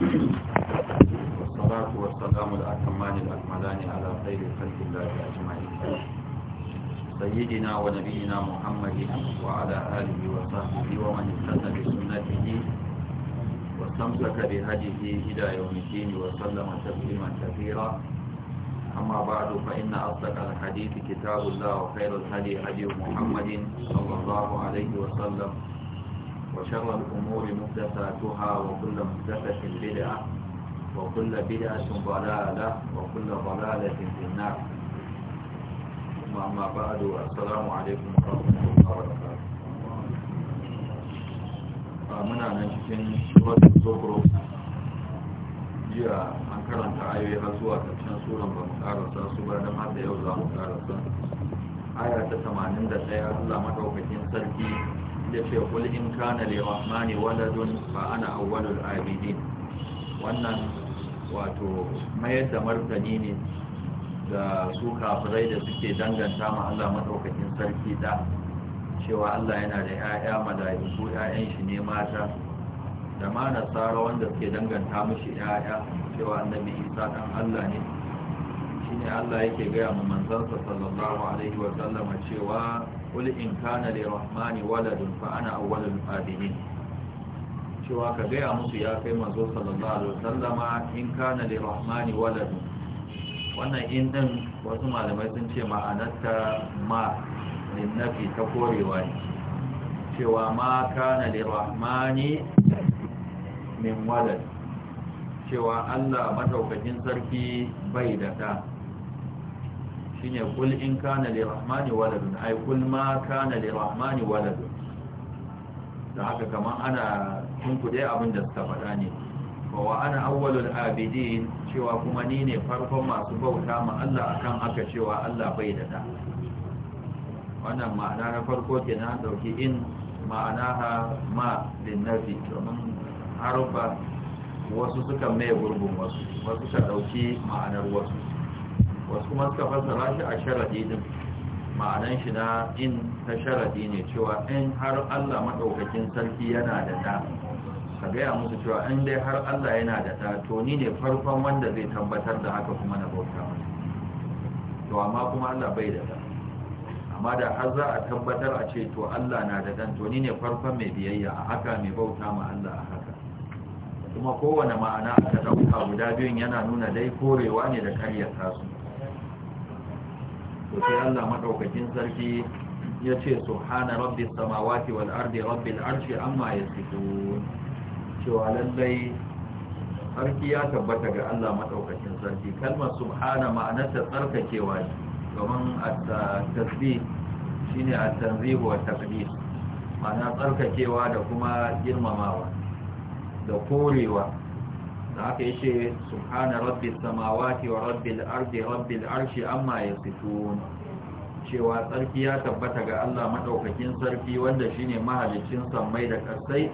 والصلاة والسلام الأكمان الأكملان على خير خلق الله أجمعين سيدنا ونبينا محمد وعلى آله وصحبه ومن اهتدى بسنته واستمسك بهديه إلى يوم الدين وسلم تسليما كثيرا أما بعد فإن أصدق الحديث كتاب الله وخير الهدي هدي محمد صلى الله عليه وسلم وشر الأمور محدثاتها وكل محدثة بدعة وكل بدعة ضلالة وكل ضلالة في النار ثم أما بعد السلام عليكم ورحمة الله وبركاته فمن آه، أن سورة الزخرف jiya an karanta ayoyi har zuwa ƙarshen suran ba mu karasa su ba don har da yau yace qul in kana lirahmani waladun fa ana awwalul abidin wannan wato mayar da martani ne ga su kafirai da suke danganta ma Allah madaukakin sarki da cewa Allah yana da 'ya'ya mala'iku 'ya'yan shi ne mata da ma nasara wanda suke danganta mishi 'ya'ya cewa annabi Isa dan Allah ne shine Allah yake gaya mu manzansa sallallahu alaihi wa sallama cewa قل إن كان للرحمن ولد فأنا أول الآدمين cewa ka gaya musu ya kai manzo sallallahu alaihi wasallama in kana lirahmani walad wannan in wasu malamai sun ce ma'anarta ma linnafi ta korewa ne cewa ma kana lirahmani min walad cewa Allah madaukakin sarki bai da ta shine kul in kana rahmani waladun ai kul ma kana rahmani waladun da haka kaman ana dai abin da suka faɗa ne wa ana awwalul abidin cewa kuma ni ne farkon masu bauta ma Allah akan haka cewa Allah bai da da wannan ma'ana na farko kenan dauki in ma'ana ha ma linnafi domin harufa wasu suka mai gurbin wasu wasu ta dauki ma'anar wasu wasu masu fasara shi a sharadi din ma'anan shi na in ta sharadi ne cewa in har Allah maɗaukakin sarki yana da ta ka gaya musu cewa in dai har Allah yana da ta to ni ne farkon wanda zai tabbatar da haka kuma na bauta mai to amma kuma Allah bai da ta, amma da har za a tabbatar a ce to Allah na da dan to ni ne farkon mai biyayya a haka mai bauta ma Allah a haka kuma kowane ma'ana aka ɗauka guda biyun yana nuna dai korewa ne da karyar tasu. to sai Allah madaukakin sarki ya ce subhana rabbi samawati wal ardi rabbil arshi amma yasifun cewa lallai sarki ya tabbata ga Allah madaukakin sarki kalmar subhana ma'anarta tsarkakewa ne domin at-tasbih shine at-tanzih wa taqdis ma'ana tsarkakewa da kuma girmamawa da korewa da haka yace subhana rabbi samawati wa rabbil ardi rabbi arshi amma yasifun cewa tsarki ya tabbata ga Allah maɗaukakin sarki wanda shine mahalicin sammai da ƙasai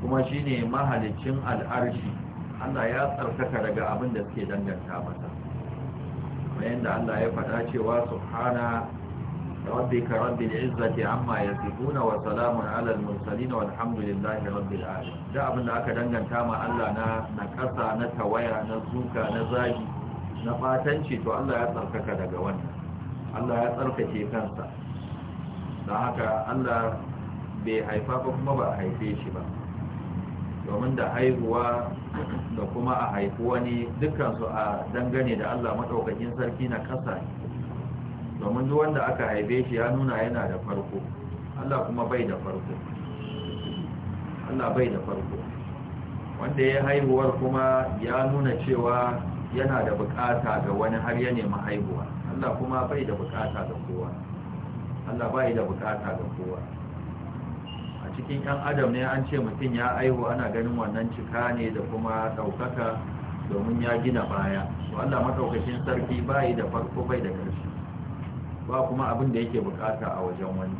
kuma shine mahalicin al'arshi Allah ya tsarkaka daga abin da suke danganta masa bayan da Allah ya faɗa cewa subhana ربك رب العزة عما يصفون وسلام على المرسلين والحمد لله رب العالمين da abin da aka danganta ma Allah na na kasa na tawaya na zuka na zagi na fatanci to Allah ya tsarkaka daga wannan Allah ya tsarkake kansa don haka Allah bai haifa ba kuma ba haife shi ba domin da haihuwa da kuma a haifi wani dukkan su a dangane da Allah madaukakin sarki na kasa domin duk wanda aka haife shi ya nuna yana da farko Allah kuma bai da farko Allah bai da farko wanda ya haihuwar kuma ya nuna cewa yana da bukata ga wani har ya nemi haihuwa Allah kuma bai da bukata ga kowa Allah bai da bukata ga kowa a cikin yan adam ne an ce mutum ya aihu ana ganin wannan cika ne da kuma daukaka domin ya gina baya to Allah madaukakin sarki bai da farko bai da ƙarshe ba kuma abin da yake bukata a wajen wani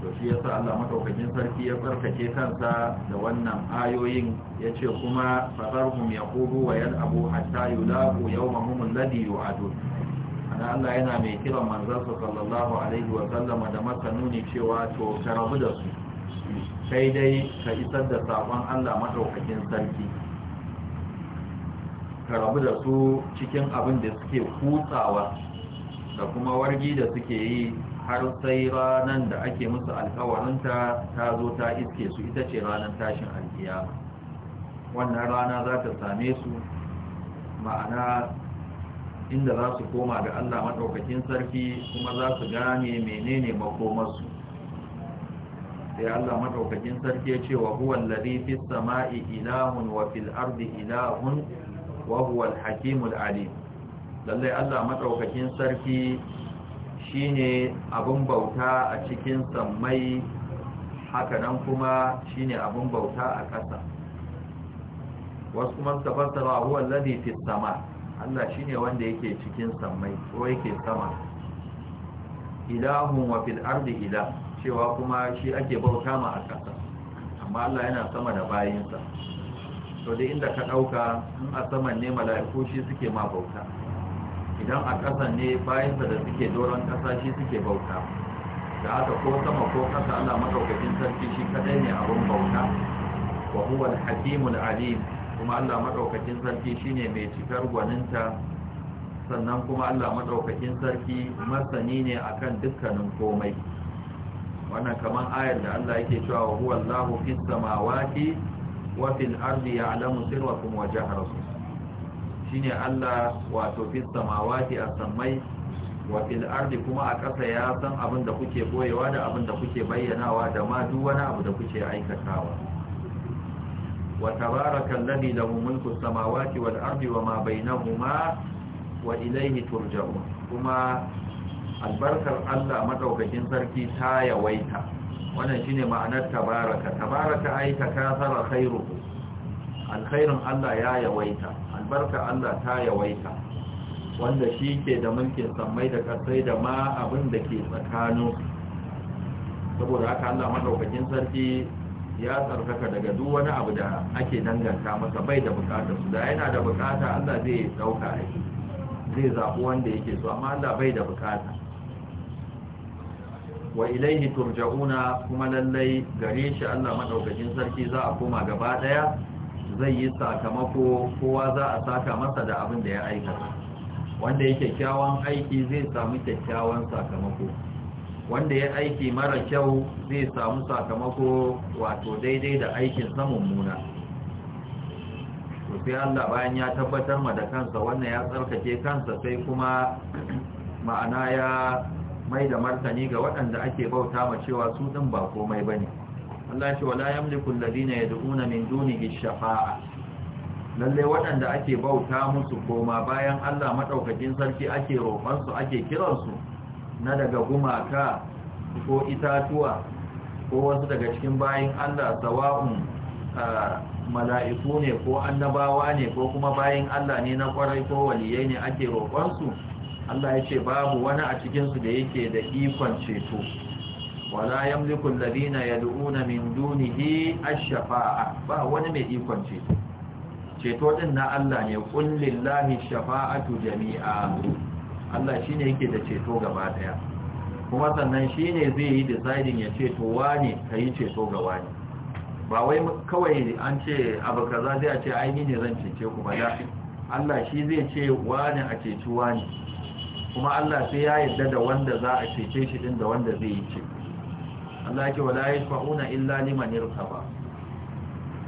to shi yasa Allah madaukakin sarki ya tsarkake kansa da wannan ayoyin yace kuma ya yaqulu wa yalabu hatta yulaqu yawmahum alladhi yu'adun ana Allah yana mai kiran manzon sallallahu alaihi wa sallam da masa nuni cewa to karabu da su sai dai ka isar da sakon Allah madaukakin sarki karabu da su cikin abin da suke hutsawa da kuma wargi da suke yi har sai ranar da ake musu alkawarinta ta zo ta iske su ita ce ranar tashin alkiyama wannan rana za ta same su ma'ana inda za su koma ga Allah maɗaukakin sarki kuma za su gane menene makomarsu sai Allah maɗaukakin sarki ya ce wa huwan larifis sama'i ilahun wa fil ardi ilahun wa huwal hakimul alim lallai Allah maɗaukakin sarki shine abin bauta a cikin sammai hakanan kuma shine abin bauta a ƙasa wasu kuma huwa alladhi fi sama Allah shine wanda yake cikin sammai ko yake sama ilahun wa fil ardi ilah cewa kuma shi ake bauta ma a ƙasa amma Allah yana sama da bayinsa to da inda ka ɗauka, in a saman ne mala'iku shi suke ma bauta idan a kasa ne bayansa da suke doron ƙasa shi suke bauta da aka ko sama ko kasa Allah madaukakin sarki shi kadai ne abin bauta wa huwa al-hakimul alim kuma Allah madaukakin sarki shine mai cikar gwaninta sannan kuma Allah madaukakin sarki masani ne akan dukkanin komai wannan kamar ayar da Allah yake cewa huwa Allahu fis samawati wa fil ardi ya'lamu sirrakum wa jahrakum shine Allah wato fis samawati a sammai wa fil ardi kuma a ƙasa ya san abin da kuke boyewa da abin da kuke bayyanawa da ma duk wani abu da kuke aikatawa wa tabarakal ladhi lahu mulku samawati wal ardi wa ma bainahuma wa ilayhi turja'un kuma albarkar Allah madaukakin sarki ta yawaita wannan shine ma'anar tabaraka tabaraka ay kasara khairu alkhairun Allah ya yawaita albarka Allah ta yawaita wanda shi ke da mulkin sammai da kasai da ma abin da ke tsakanin saboda haka Allah madaukakin sarki ya tsarkaka daga duk wani abu da ake danganta masa bai da bukata su da yana da bukata Allah zai dauka aiki zai zaɓi wanda yake so amma Allah bai da bukata wa ilaihi turja'una kuma lallai gare shi Allah madaukakin sarki za a koma gaba daya zai yi sakamako kowa za a saka masa da abin da ya aikata wanda ya kyakkyawan aiki zai samu kyakkyawan sakamako wanda ya aiki mara kyau zai samu sakamako wato daidai da aikin samun muna sai Allah bayan ya tabbatar ma da kansa wannan ya tsarkake kansa sai kuma ma'ana ya mai da martani ga waɗanda ake bauta ma cewa su ɗin ba komai ba ne Allah ce wala yamliku alladhina yad'una min dunihi shafa'a lalle waɗanda ake bauta musu koma bayan Allah madaukakin sarki ake roƙon su ake kiran su na daga gumaka ko itatuwa ko wasu daga cikin bayin Allah sawa'un mala'iku ne ko annabawa ne ko kuma bayin Allah ne na kwarai ko waliyai ne ake roƙon su Allah ya ce babu wani a cikin su da yake da ikon ceto wala yamliku alladhina yad'una min dunihi ash-shafa'a ba wani mai ikon ce. ceto din na Allah ne kun lillahi shafa'atu jami'a Allah shine yake da ceto gaba daya kuma sannan shine zai yi deciding ya ceto wani kai ceto ga wani ba wai kawai an ce abu kaza zai ce ai ni ne zan cece ku ba da Allah shi zai ce wani a ceci wani kuma Allah sai ya yarda da wanda za a cece shi din da wanda zai yi ce. Allah ce wala yashfa'una illa liman irtaba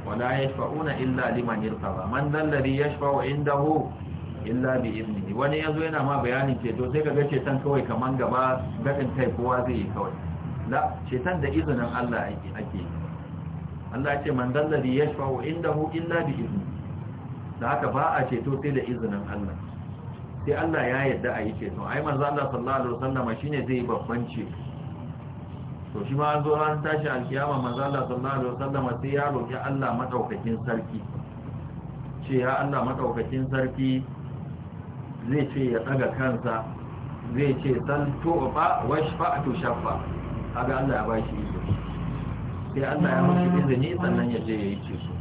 wala yashfa'una illa liman irtaba man dal ladhi yashfa'u indahu illa bi idnihi wani yazo yana ma bayanin ceto sai kaga ceton kawai kaman gaba gadin kai kowa zai yi kawai la ceton da izinin Allah ake ake Allah ce man dal ladhi yashfa'u indahu illa bi idnihi da haka ba a ceto sai da izinin Allah sai Allah ya yarda a yi ceto ai manzo Allah sallallahu alaihi wasallam shine zai babban ceto to shi ma an zo ran tashi alkiyama manzo Allah sallallahu alaihi wasallam sai ya roki Allah madaukakin sarki ce ya Allah madaukakin sarki zai ce ya daga kansa zai ce san tu'fa washfa'tu shafa kaga Allah ya bashi izini sai Allah ya mashi izini sannan ya je ya yi ceto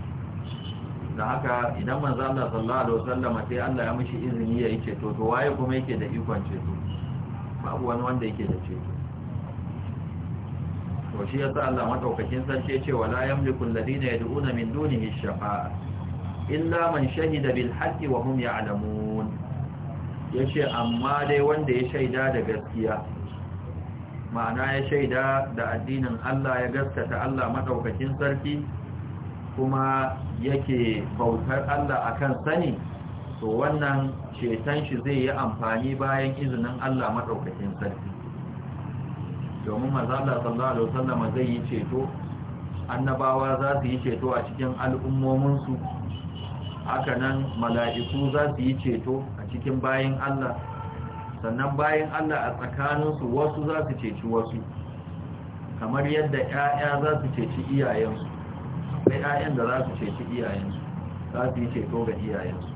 da haka idan manzo Allah sallallahu alaihi wasallam sai Allah ya mashi izini ya yi ceto to waye kuma yake da ikon ceto babu wani wanda yake da ceto Yaushe shi yasa Allah madaukakin sarki yace wala yamliku alladhina yad'una min duni mai shafa? illa man shahida bil haqqi wa hum Ya ce amma dai wanda ya shaida da gaskiya ma'ana ya shaida da addinin Allah ya gaskata Allah maɗaukakin sarki kuma yake bautar Allah a kan sani to wannan ceton shi zai yi amfani bayan izinin Allah maɗaukakin sarki domin mazala sallallahu alaihi wasallam zai yi ceto annabawa za su yi ceto a cikin al'ummominsu haka nan mala'iku za su yi ceto a cikin bayin Allah sannan bayin Allah a tsakaninsu wasu za su ceci wasu kamar yadda ‘ya'ya za su ceci iyayensu akwai ‘ya'yan da za su ceci iyayensu za su yi ceto ga iyayensu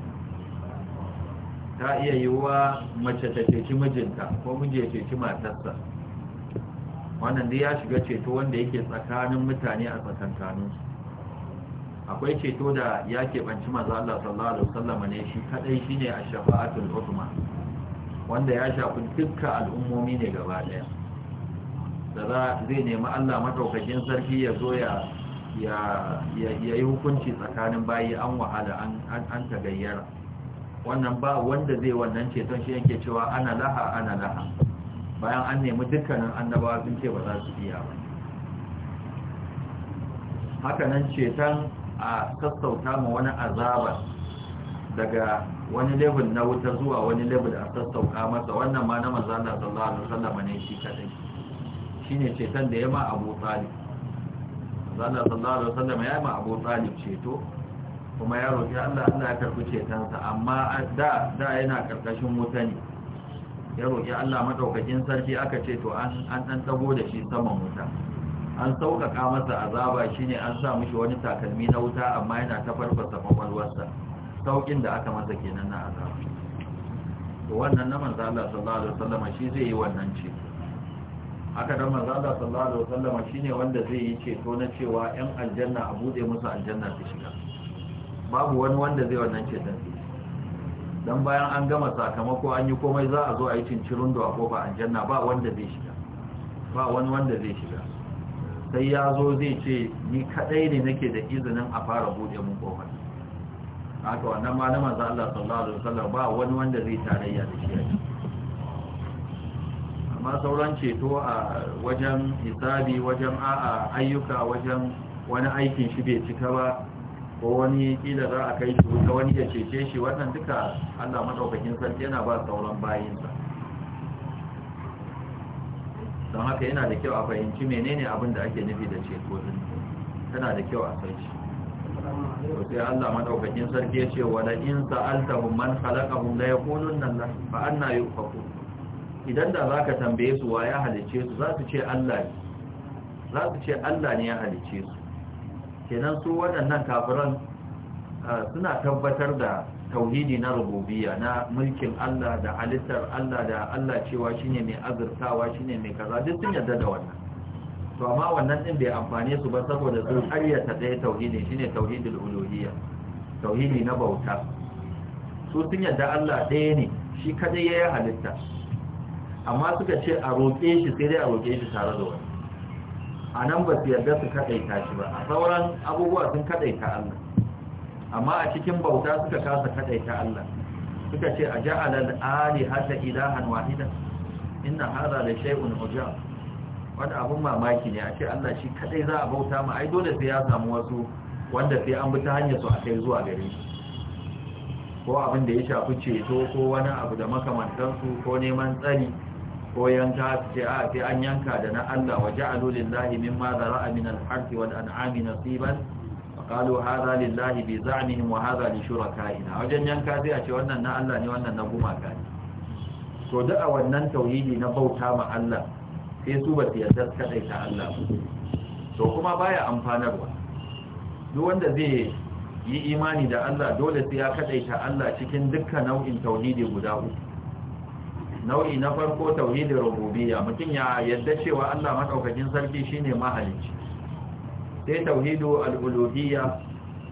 ta iya yiwuwa mace ta ceci mijinta ko miji ya ceci matarsa wannan dai ya shiga ceto wanda yake tsakanin mutane a tsakankaninsu akwai ceto da ya keɓanci maza Allah sallallahu alaihi wasallam ne shi kadai shine ash-shafa'atul uzma wanda ya shafi dukkan al'ummomi ne gaba daya da za zai nemi Allah madaukakin sarki ya zo ya ya yi hukunci tsakanin bayi an wahala an tagayyara wannan ba wanda zai wannan ceton shi yake cewa ana laha ana laha bayan an nemi dukkanin annabawa sun ce ba za su iya ba Haka nan, ceton a sassauta ma wani azaba daga wani level na wuta zuwa wani level a sassauka masa wannan ma na manzana sallallahu alaihi wasallam ne shi kadai shine ceton da ya ma Abu Talib manzana sallallahu alaihi wasallam ya ma Abu Talib ceto kuma ya roki Allah Allah ya karbi cetonsa amma da da yana karkashin wuta ne ya roƙi Allah madaukakin sarki aka ce to an an dago da shi saman wuta an sauƙaƙa masa azaba shine an sa mishi wani takalmi na wuta amma yana ta farfasa kwakwalwarsa sauƙin da aka masa kenan na azaba to wannan na manzo Allah sallallahu alaihi wasallam shi zai yi wannan ce haka dan manzo Allah sallallahu alaihi wasallam shine wanda zai yi ceto na cewa ƴan aljanna a bude musu aljanna su shiga babu wani wanda zai wannan ce shi don bayan an gama sakamako an yi komai za a zo a yi cincirin da a kofa aljanna ba wanda zai shiga ba wani wanda zai shiga sai ya zo zai ce ni kadai ne nake da izinin a fara buɗe mun kofar haka wannan malaman za Allah sallallahu alaihi wasallam ba wani wanda zai tarayya da shi amma sauran ceto a wajen hisabi wajen a'a ayyuka wajen wani aikin shi bai cika ba ko wani kila za a kai shi wuta wani ya cece shi wannan duka Allah madaukakin sarki yana ba sauran bayinsa don haka yana da kyau a fahimci menene abin da ake nufi da ceto din Tana da kyau a sai shi to sai Allah madaukakin sarki ya ce wala in sa'altahum man khalaqahum la yaqulunna Allah fa anna yufakun idan da za ka tambaye su wa ya halice su za su ce Allah ne za su ce Allah ne ya halice su kenan su waɗannan kafiran ah, suna tabbatar da tauhidi na rububiyya na mulkin Allah da halittar Allah da Allah cewa shine mai azurtawa shine mai kaza duk sun yarda da wannan to amma wannan din bai amfane su ba saboda sun ayyata ɗaya tauhidi shine tauhidul uluhiyya tauhidi na bauta su sun yarda Allah ɗaya ne shi kadai yayi halitta amma suka ce a roƙe shi sai dai a roƙe shi tare da wani a nan ba su yarda su kaɗaita shi ba a sauran abubuwa sun kaɗaita Allah amma a cikin bauta suka kasa kaɗaita Allah suka ce a ja'alar ali hata ilahan wahida inna hada da shai'un ujab wani abun mamaki ne a ce Allah shi kadai za a bauta ma ai dole sai ya samu wasu wanda sai an bi ta hanyar su a kai zuwa gare ko abin da ya shafi ceto ko wani abu da makamantansu ko neman tsari ko yanka ce a an yanka da na Allah wa ja'alu lillahi mimma zara'a min al-harthi wal an'ami nasiban qalu hadha lillahi bi za'mihim wa hadha li shurakaina wajen yanka sai a ce wannan na Allah ne wannan na gumaka ne to da a wannan tauhidi na bauta ma Allah sai su ba su yarda kadai ta Allah to kuma baya amfanarwa duk wanda zai yi imani da Allah dole sai ya kadai ta Allah cikin dukkan nau'in tauhidi guda uku nau'i na farko tauhidin rububiyya mutum ya yadda cewa Allah madaukakin sarki shine mahalicci sai tauhidu al-uluhiyya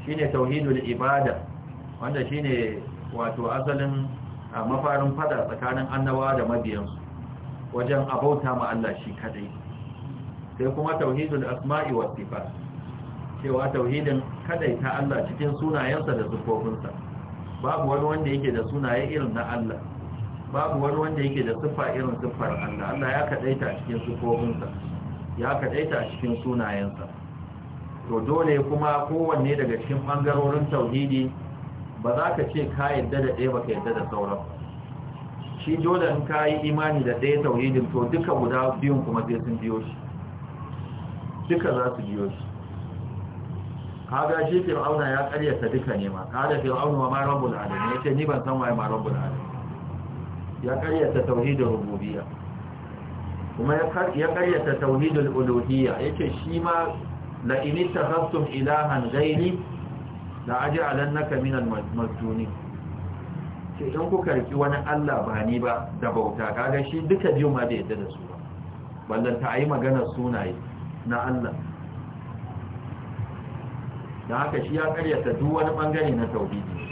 shine tauhidul ibada wanda shine wato asalin mafarin fada tsakanin annabawa da mabiyansu wajen abauta ma Allah shi kadai sai kuma tauhidul asma'i was sifat cewa tauhidin kadai ta Allah cikin sunayensa da sifofinsa babu wani wanda yake da sunaye irin na Allah babu wani wanda yake da siffa irin siffar Allah Allah ya kadaita a cikin sifofinsa ya kadaita a cikin sunayensa to dole kuma kowanne daga cikin bangarorin tauhidi ba za ka ce ka yadda da ɗaya ba ka yadda da sauran shi dole in ka yi imani da ɗaya tauhidin to duka guda biyun kuma zai sun biyo shi duka za su biyo shi kaga shi fir'auna ya karyata duka ne ma kada fir'auna ma rabbul alamin yace ni ban san waye ma rabbul alamin ya karyata tauhidin rububiyya kuma ya karyata tauhidul uluhiyya yace shi ma la in ittakhadtum ilahan ghairi la aj'alannaka minal majnunin ce in ku karki wani Allah ba ni ba da bauta kaga shi duka biyu ma da yadda da su ba ballan ta yi magana sunaye na Allah da haka shi ya karyata duk wani bangare na tauhidi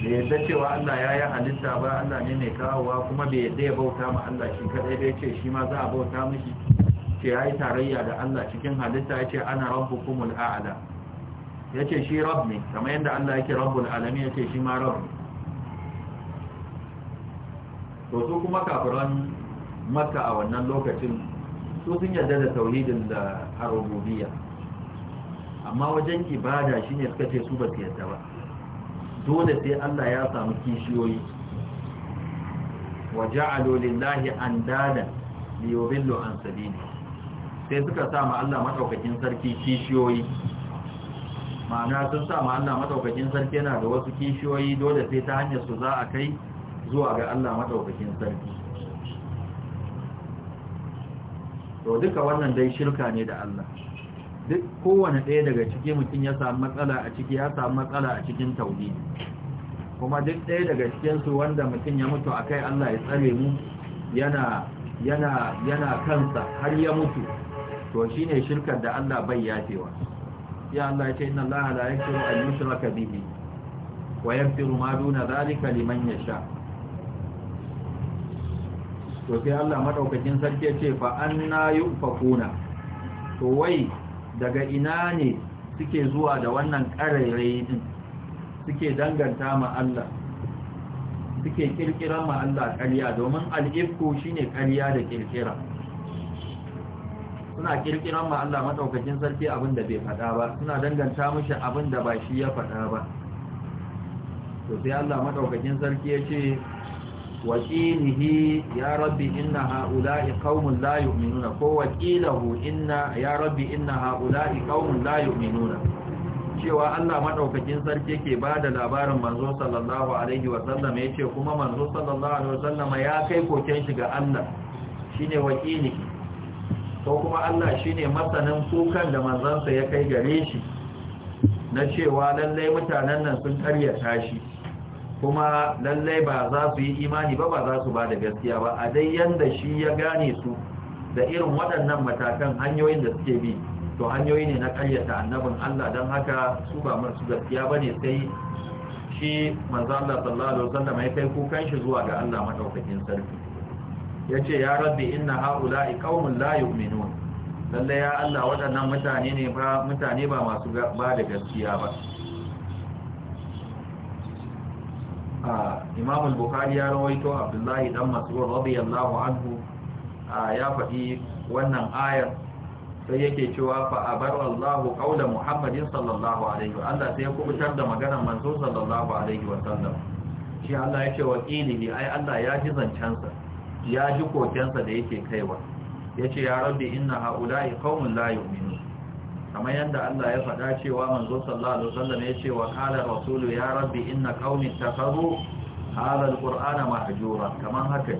bai yadda cewa Allah ya yi halitta ba Allah ne mai kawowa kuma bai yadda ya bauta ma Allah shi kadai bai ce shi ma za a bauta mishi ce ya yi tarayya da Allah cikin halitta ya ce ana rabu kumul a'ala ya ce shi rab ne kama yadda Allah yake rabu alami ya ce shi ma rab ne to su kuma kafiran maka a wannan lokacin su sun yadda da tauhidin da harububiyya amma wajen ibada shine suka ce su ba su yadda ba dole sai Allah ya samu kishiyoyi wa ja'alu lillahi andadan liyudillu an sabili sai suka sa ma Allah madaukakin sarki kishiyoyi ma'ana sun sa ma Allah madaukakin sarki yana da wasu kishiyoyi dole sai ta hanyar su za a kai zuwa ga Allah madaukakin sarki to duka wannan dai shirka ne da Allah duk kowane ɗaya daga ciki mutum ya samu matsala a ciki ya samu matsala a cikin tauhidi kuma duk ɗaya daga cikinsu wanda mutum ya mutu a kai Allah ya tsare mu yana yana yana kansa har ya mutu to shine shirkar da Allah bai yafewa ya Allah ya ce inna Allah la yakfiru an yushraka bihi wa yaghfiru ma duna zalika liman yasha to sai Allah madaukakin sarki ya ce fa anna yufakuna to wai daga ina ne suke zuwa da wannan ƙararrayi din suke danganta ma Allah suke kirkira ma Allah ƙarya domin al'ifku shine ƙarya da kirkira suna kirkira ma Allah madaukakin sarki abin da bai faɗa ba suna danganta mishi abin da ba shi ya faɗa ba to sai Allah madaukakin sarki ya ce وقيله يا ربي إن هؤلاء قوم لا يؤمنون وقيله إن يا ربي إن هؤلاء قوم لا يؤمنون cewa Allah madaukakin sarki ke bada labarin manzo sallallahu alaihi wasallam yace kuma manzo sallallahu alaihi wasallam ya kai koken shi ga Allah shine wakili ko kuma Allah shine masanin kukan da manzansa ya kai gare shi na cewa lallai mutanen nan sun karya tashi. kuma lallai ba za su yi imani ba ba za su ba da gaskiya ba a dai yanda shi ya gane su da irin waɗannan matakan hanyoyin da suke bi to hanyoyi ne na ƙaryata annabin Allah don haka su ba masu gaskiya ba ne sai shi manzo Allah sallallahu alaihi wasallam ya kai kukan shi zuwa ga Allah madaukakin sarki yace ya rabbi inna haula'i qaumun la yu'minun Lallai ya Allah waɗannan mutane ne ba mutane ba masu ba da gaskiya ba imam al-bukhari ya rawaito abdullahi dan mas'ud radiyallahu anhu ya faɗi wannan ayar sai yake cewa fa abar Allahu qawla Muhammadin sallallahu alaihi wa Allah sai ya kubutar da maganar manzo sallallahu alaihi wa sallam shi Allah yake wakili ai Allah ya ji zancensa ya ji kokensa da yake kaiwa yace ya rabbi inna haula'i qaumun la yu'minun kamar yadda Allah ya faɗa cewa manzo sallallahu alaihi wasallam ya ce wa qala rasulu ya rabbi inna qaumi ittakhadhu hadha alqur'ana mahjura kamar haka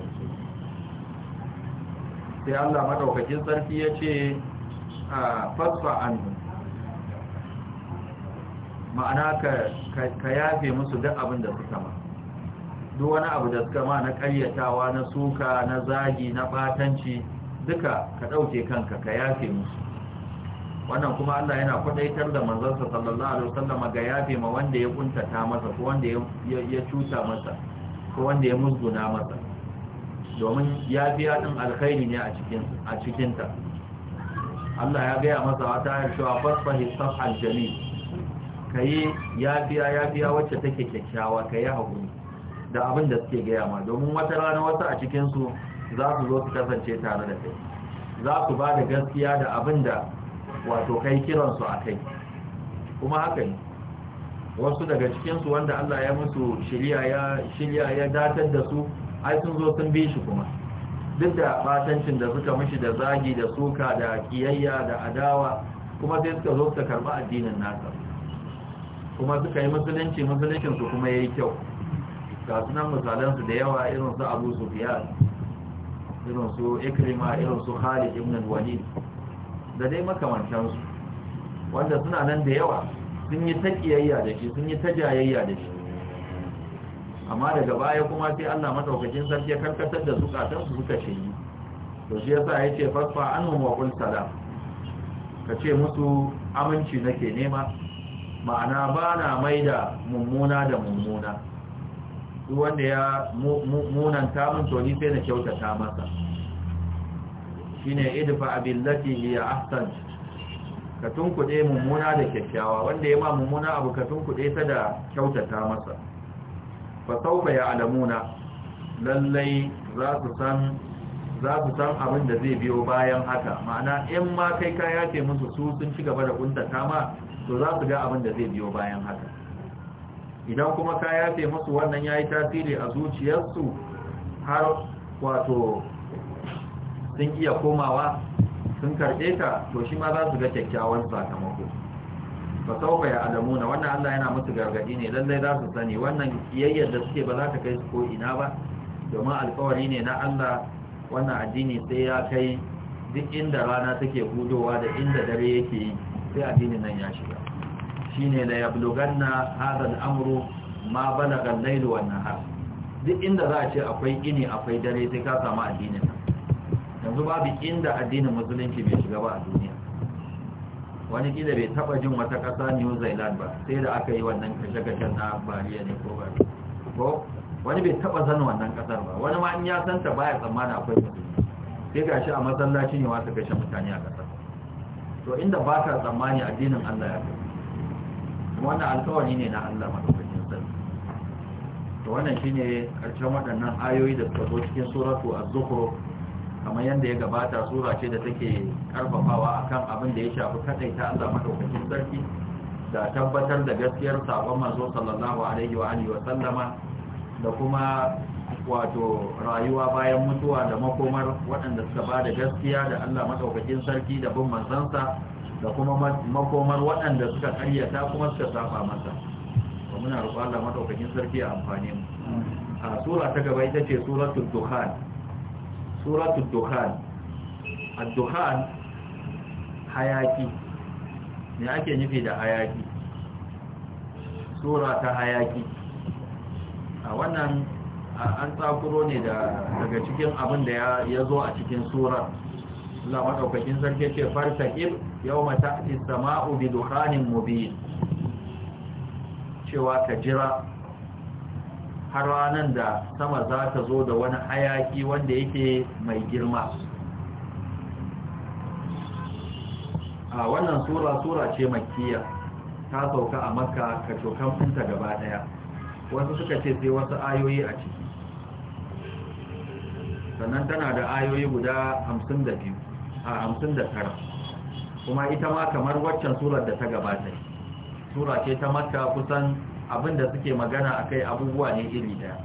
sai Allah madaukakin sarki ya ce fasfa an ma'ana ka yafe musu duk abin da suka ma duk wani abu da suka ma na ƙaryatawa na suka na zagi na batanci duka ka ɗauke kanka ka yafe musu wannan kuma Allah yana kwadaitar da manzansa sallallahu alaihi wasallam ga yafe ma wanda ya kuntata masa ko wanda ya cuta masa ko wanda ya musguna masa domin yafiya din alkhairi ne a cikin a cikin ta Allah ya gaya masa wata ayar cewa fasfahi safhal jamil kai yafiya yafiya wacce take kyakkyawa kai hakuri da abin da suke gaya ma domin wata rana wasu a cikin su za su zo su kasance tare da kai za su ba da gaskiya da abin da wato kai kiransu a kai kuma haka ne wasu daga cikinsu wanda Allah ya musu shirya ya datar da su ai sun zo sun bi shi kuma duk da batancin da suka mishi da zagi da suka da kiyayya da adawa kuma sai suka zo suka karba addinin nasa kuma suka yi musulunci musuluncin su kuma yayi kyau ga sunan misalan da yawa irin su Abu Sufyan irin su Ikrima irin su Khalid ibn al-Walid da dai makamantansu wanda suna nan da yawa sun yi ta kiyayya da shi sun yi ta jayayya da shi amma daga baya kuma sai Allah mataukacin sarki ya karkatar da zukatansu suka shiri to shi yasa ya ce fasfa anhum wa qul salam ka ce musu aminci nake nema ma'ana ba na da mummuna da mummuna duk wanda ya munanta mun to ni sai na kyautata masa shine idfa billati hiya ahsan ka tunkude mummuna da kyakkyawa wanda ya ma mummuna abu ka tunkude ta da kyautata masa fa sauka ya alamuna lallai za su san za su san abin da zai biyo bayan haka ma'ana in ma kai ka yace musu su sun ci gaba da kuntata ma to za su ga abin da zai biyo bayan haka idan kuma ka yace musu wannan yayi tasiri a zuciyarsu har wato sun iya komawa sun karɓe ta to shi ma za su ga kyakkyawan sakamako ba sau ya adamu na wannan allah yana musu gargaɗi ne lallai za su sani wannan yayyar da suke ba za ta kai su ko ina ba domin alkawari ne na allah wannan addini sai ya kai duk inda rana take hudowa da inda dare yake yi sai addinin nan ya shiga shi ne da ya bloganna Amru, ma balagan lailu wannan har duk inda za a ce akwai ini akwai dare sai ka samu addinin yanzu babu inda addinin musulunci bai shiga ba a duniya wani kila bai taba jin wata kasa new zealand ba sai da aka yi wannan kashe-kashen na bariya ne ko bari ko wani bai taba zan wannan kasar ba wani ma in ya san ta baya tsammana akwai musulmi sai ga shi a masallaci ne wasu kashe mutane a kasar to inda ba ka tsammani addinin allah ya kai wannan alkawari ne na allah madaukakin sarki to wannan shine karshen waɗannan ayoyi da suka zo cikin suratu az-zukhruf kamar yadda ya gabata sura ce da take karfafawa akan abin da ya shafi ta Allah madaukakin sarki da tabbatar da gaskiyar sabon manzo sallallahu alaihi wa alihi wa sallama da kuma wato rayuwa bayan mutuwa da makomar waɗanda suka ba da gaskiya da Allah madaukakin sarki da bin manzansa da kuma makomar waɗanda suka karyata kuma suka saba masa muna roƙon Allah madaukakin sarki ya amfane mu a sura ta gaba ita ce suratul dukhan suratul dukhan ad-dukhan hayaki ne ake nufi da hayaki sura ta hayaki a wannan an tsakuro ne daga cikin abin da ya zo a cikin sura Allah madaukakin sarki ce fartaqib yawma ta'ti as-sama'u bi dukhanin mubin cewa ka jira har ranar da sama za ta zo da wani hayaki wanda yake mai girma a wannan sura sura ce makkiya ta sauka a makka ka cokan ɗinta gaba ɗaya wasu suka ce sai wasu ayoyi a ciki sannan tana da ayoyi guda biyu, a 59 kuma ita ma kamar waccan surar da ta gabata tura ce ta makka kusan abinda suke magana akai abubuwa ne iri daya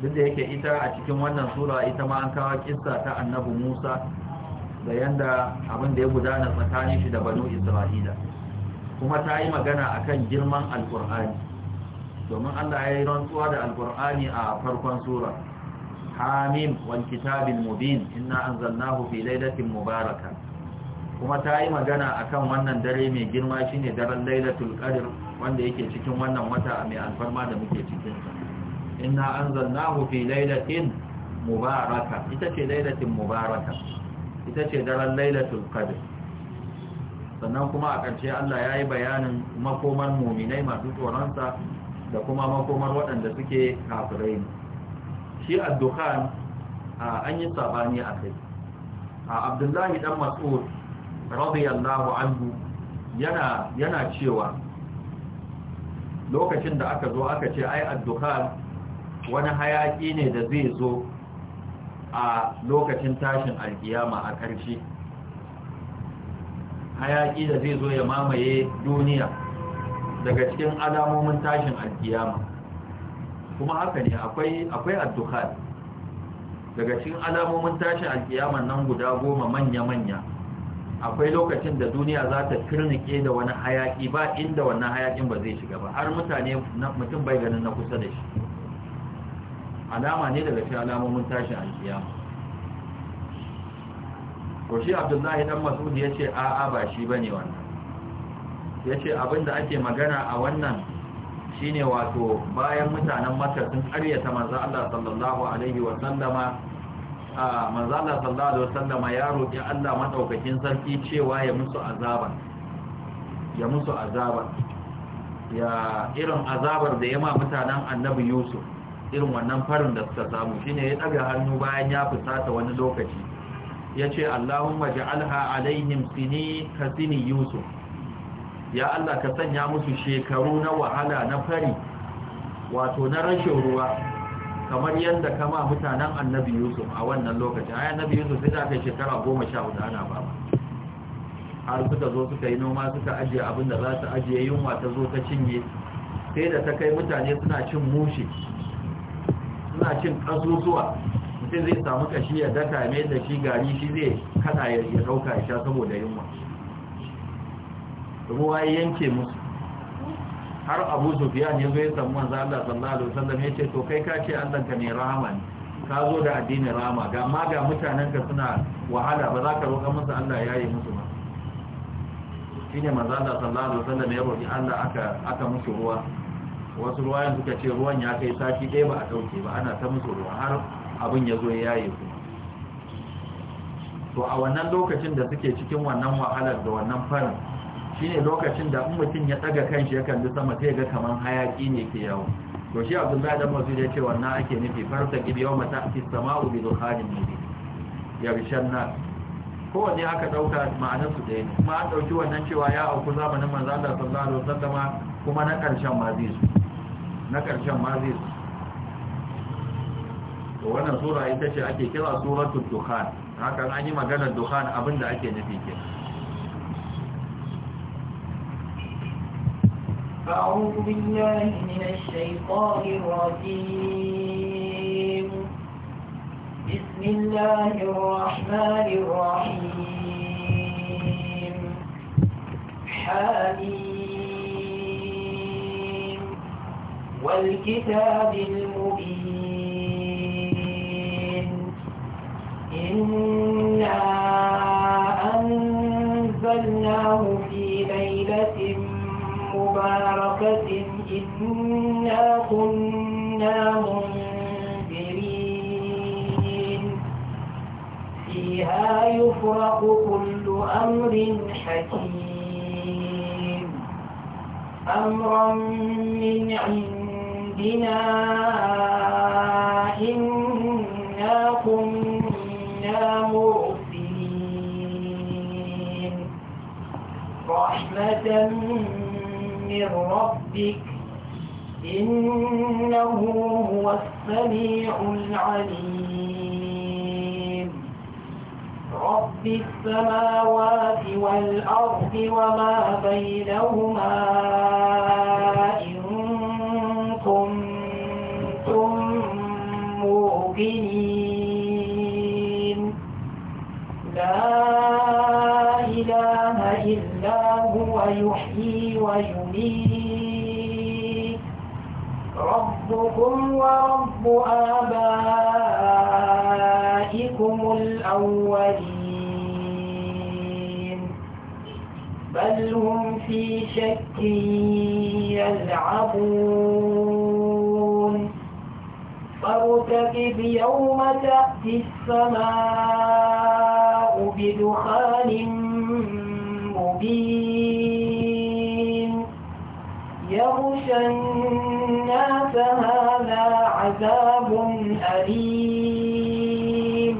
duk da yake ita a cikin wannan sura ita ma an kawo kissa ta annabi Musa da yanda abinda ya gudana tsakanin shi da banu Isra'ila kuma ta yi magana akan girman alkur'ani domin Allah ya yi rantsuwa da alkur'ani a farkon sura hamim wal kitabil mubin inna anzalnahu fi lailatin mubarakah kuma ta yi magana akan wannan dare mai girma shine daren lailatul qadr wanda yake cikin wannan wata mai alfarma da muke cikin inna anzalnahu fi lailatin mubaraka ita ce lailatin mubaraka ita ce daren lailatul qadr sannan kuma a ƙarshe Allah ya yi bayanin makomar muminai masu tsoronsa da kuma makomar waɗanda suke kafirai shi addukan an yi sabani a kai a abdullahi dan mas'ud radiyallahu anhu yana yana cewa lokacin da aka zo aka ce ai ad wani hayaki ne da zai zo a lokacin tashin alkiyama a ƙarshe hayaki da zai zo ya mamaye duniya daga cikin alamomin tashin alkiyama kuma haka ne akwai akwai ad daga cikin alamomin tashin alkiyama nan guda goma manya-manya akwai lokacin da duniya za ta firnike da wani hayaki ba inda wannan hayakin ba zai shiga ba har mutane mutum bai ganin na kusa da shi alama ne daga shi alamomin tashin alkiyama ko shi abdullahi dan masudi ya ce a'a ba shi ba ne wannan ya ce abinda ake magana a wannan shine wato bayan mutanen masar sun karyata manzo Allah sallallahu alaihi wa sallama a manzala sallallahu alaihi wasallama ya roƙi Allah madaukakin sarki cewa ya musu azaban ya musu azaban ya irin azabar da ya ma mutanen annabi Yusuf irin wannan farin da suka samu shine ya daga hannu bayan ya fusata wani lokaci yace Allahumma ja'alha alaihim sini kasini Yusuf ya Allah ka sanya musu shekaru na wahala na fari wato na rashin ruwa kamar yadda kama mutanen annabi yusuf a wannan lokacin ai annabi yusuf sai aka shekara goma sha hudu ana ba har suka zo suka yi noma suka ajiye abin da za su ajiye yunwa ta zo ta cinye sai da ta kai mutane suna cin mushi suna cin ƙasusuwa mutum zai samu kashi ya daka mai da shi gari shi zai kada ya ɗauka ya sha saboda yunwa ruwa yanke musu har abu sufiyan ya zo ya samu manzo Allah sallallahu alaihi wasallam ya ce to kai ka ce Allah ka ne rahama ne ka zo da addinin rahama ga ma ga mutanen ka suna wahala ba za ka roƙa musu Allah ya yi musu ba shine manzo Allah sallallahu alaihi wasallam ya roƙi Allah aka aka musu ruwa wasu ruwayan suka ce ruwan ya kai sati ɗaya ba a ɗauke ba ana ta musu ruwa har abin ya zo ya yi kuma. to a wannan lokacin da suke cikin wannan wahalar da wannan farin Shi ne lokacin da mutum ya kan kanshi ya kalli sama sai ga kaman hayaki ne ke yawo to shi da dan masu ya ce wannan ake nufi farta gibi yau mata ake ubi bi dukhanin ne ya rishan nan kowanne aka dauka ma'anar su ɗaya kuma an dauki wannan cewa ya auku zamanin manzo Allah sallallahu alaihi zama kuma na karshen ma zai su na karshen ma zai su to wannan sura ita ce ake kira suratul dukhan hakan an yi maganar dukhan abinda ake nufi kenan أعوذ بالله من الشيطان الرجيم بسم الله الرحمن الرحيم حميم والكتاب المبين إنا أنزلناه في ليلة مباركة إنا كنا منذرين فيها يفرق كل أمر حكيم أمرا من عندنا إنا كنا مرسلين رحمة من ربك إنه هو السميع العليم رب السماوات والأرض وما بينهما إن كنتم موقنين لا إله إلا هو يحيي ويميت ربكم ورب آبائكم الأولين بل هم في شك يلعبون فارتكب يوم تأتي السماء بدخان مبين أغشينا فهذا عذاب أليم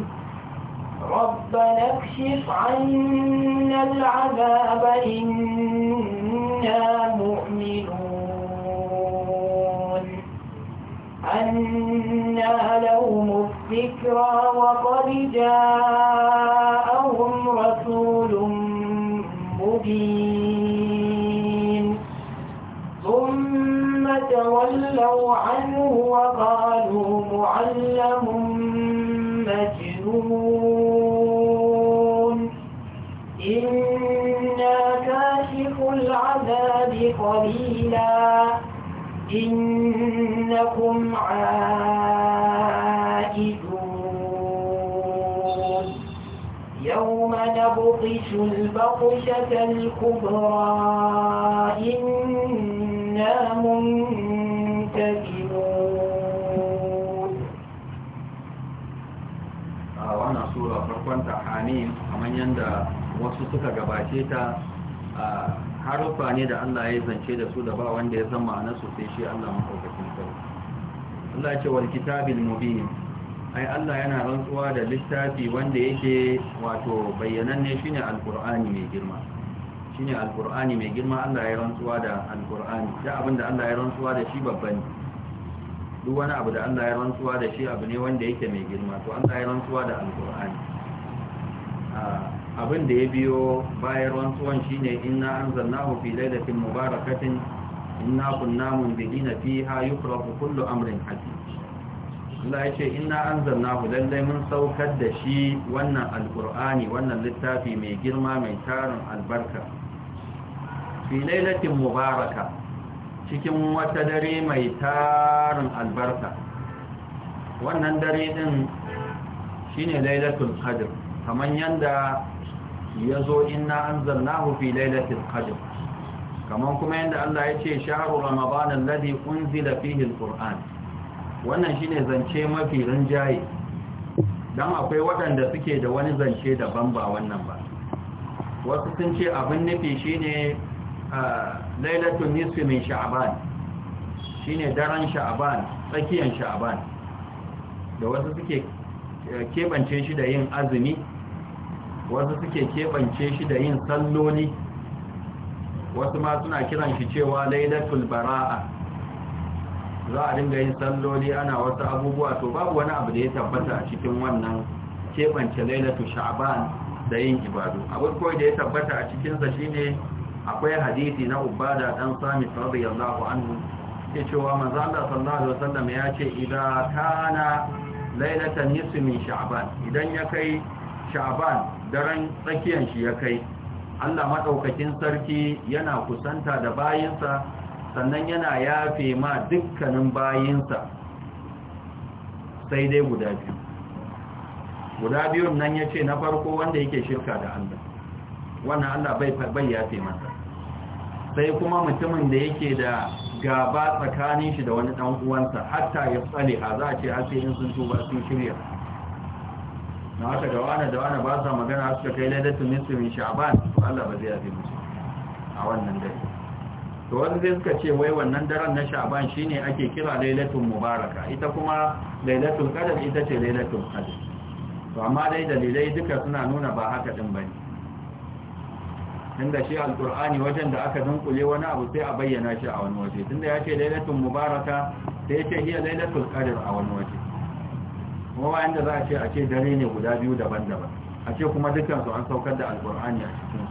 ربنا اكشف عنا العذاب إنا مؤمنون أنا لهم الذكرى وقد جاءوا تولوا عنه وقالوا معلم مجنون إنا كاشف العذاب قليلا إنكم عائدون يوم نبطش البطشة الكبرى إنا منكم يتكئون wannan sura farkon ta hamim kamar yadda wasu suka gabace ta haruffa ne da Allah ya zance da su da ba wanda ya san ma'anarsu sai shi Allah maɗaukakin sarki Allah ce wal kitabil mubin ai Allah yana rantsuwa da littafi wanda yake wato bayyananne shine Alkur'ani mai girma shine alqur'ani mai girma Allah ya rantsuwa da alqur'ani da abinda Allah ya rantsuwa da shi babba ne duk wani abu da Allah ya rantsuwa da shi abu ne wanda yake mai girma to Allah ya rantsuwa da alqur'ani abin da ya biyo bayan rantsuwan shine inna anzalnahu fi lailatin mubarakatin inna kunna munzilina fiha yufraqu kullu amrin hakim Allah ya ce inna anzalnahu lallai mun saukar da shi wannan alqur'ani wannan littafi mai girma mai tarin albarka fi lailatin mubaraka cikin wata dare mai tarin albarka wannan dare din shine lailatul qadr kamar yanda yazo inna anzalnahu fi lailatul qadr kamar kuma yanda Allah ya ce shahru ramadan alladhi unzila fihi alquran wannan shine zance mafi rinjaye dan akwai waɗanda suke da wani zance daban ba wannan ba wasu sun ce abin nufi shine lailatul nisfi min sha'ban shine daren sha'ban tsakiyar sha'ban da wasu suke kebance shi da yin azumi wasu suke kebance shi da yin salloli wasu ma suna kiran shi cewa lailatul bara'a za a dinga yin salloli ana wasu abubuwa to babu wani abu da ya tabbata cikin wannan kebance lailatul sha'ban da yin ibadu abin koyi da ya tabbata a cikinsa shine akwai hadisi na ubada dan sami radiyallahu anhu ya cewa manzo Allah sallallahu alaihi wasallam ya ce idan kana lailatan nisfi min sha'ban idan ya kai sha'ban daren tsakiyar shi ya kai Allah madaukakin sarki yana kusanta da bayinsa sannan yana yafe ma dukkanin bayinsa sai dai guda biyu guda biyun nan ya ce na farko wanda yake shirka da Allah wannan Allah bai bai yafe masa sai kuma mutumin da yake da gaba tsakanin shi da wani dan uwansa hatta ya tsale a za a ce har sai in sun tuba sun shirya na haka da wani da wani ba sa magana suka kai laidatun nisirin sha'ban to Allah ba zai yafe musu a wannan dare to wani zai suka ce wai wannan daren na sha'ban shine ake kira lailatun mubaraka ita kuma lailatul qadr ita ce lailatul qadr to amma dai dalilai duka suna nuna ba haka din bane tunda shi alkur'ani wajen da aka dunkule wani abu sai a bayyana shi a wani waje tunda ya ce lailatul mubaraka sai ya ce hiya lailatul qadr a wani waje kuma wanda za a ce a ce dare ne guda biyu daban-daban a ce kuma dukkan su an saukar da alkur'ani a cikin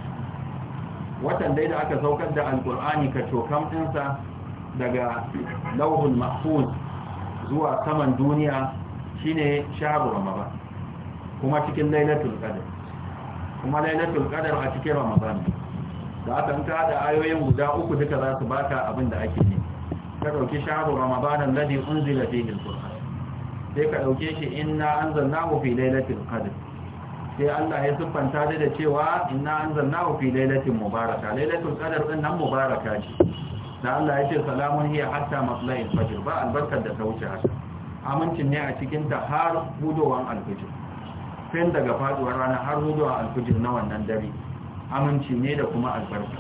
watan dai da aka saukar da alkur'ani ka cokam ɗinsa daga lauhul mahfuz zuwa saman duniya shine shahru ramadan kuma cikin lailatul qadr kuma lailatul qadar a cikin ramadan da aka mutu da ayoyin guda uku duka za su baka abin da ake ne ka ɗauki shaharu ramadanin ladin unzila fihi alquran sai ka ɗauke shi inna anzalnahu fi lailatul qadr sai Allah ya siffanta da da cewa inna anzalnahu fi lailatin mubaraka lailatul qadr din nan mubaraka ce da Allah ya ce salamun hiya hatta matla'il fajr ba albarkar da ta wuce haka amincin ne a cikin ta har gudowan alfijir fin daga faduwar rana har gudowan alfijir na wannan dare aminci ne da kuma albarka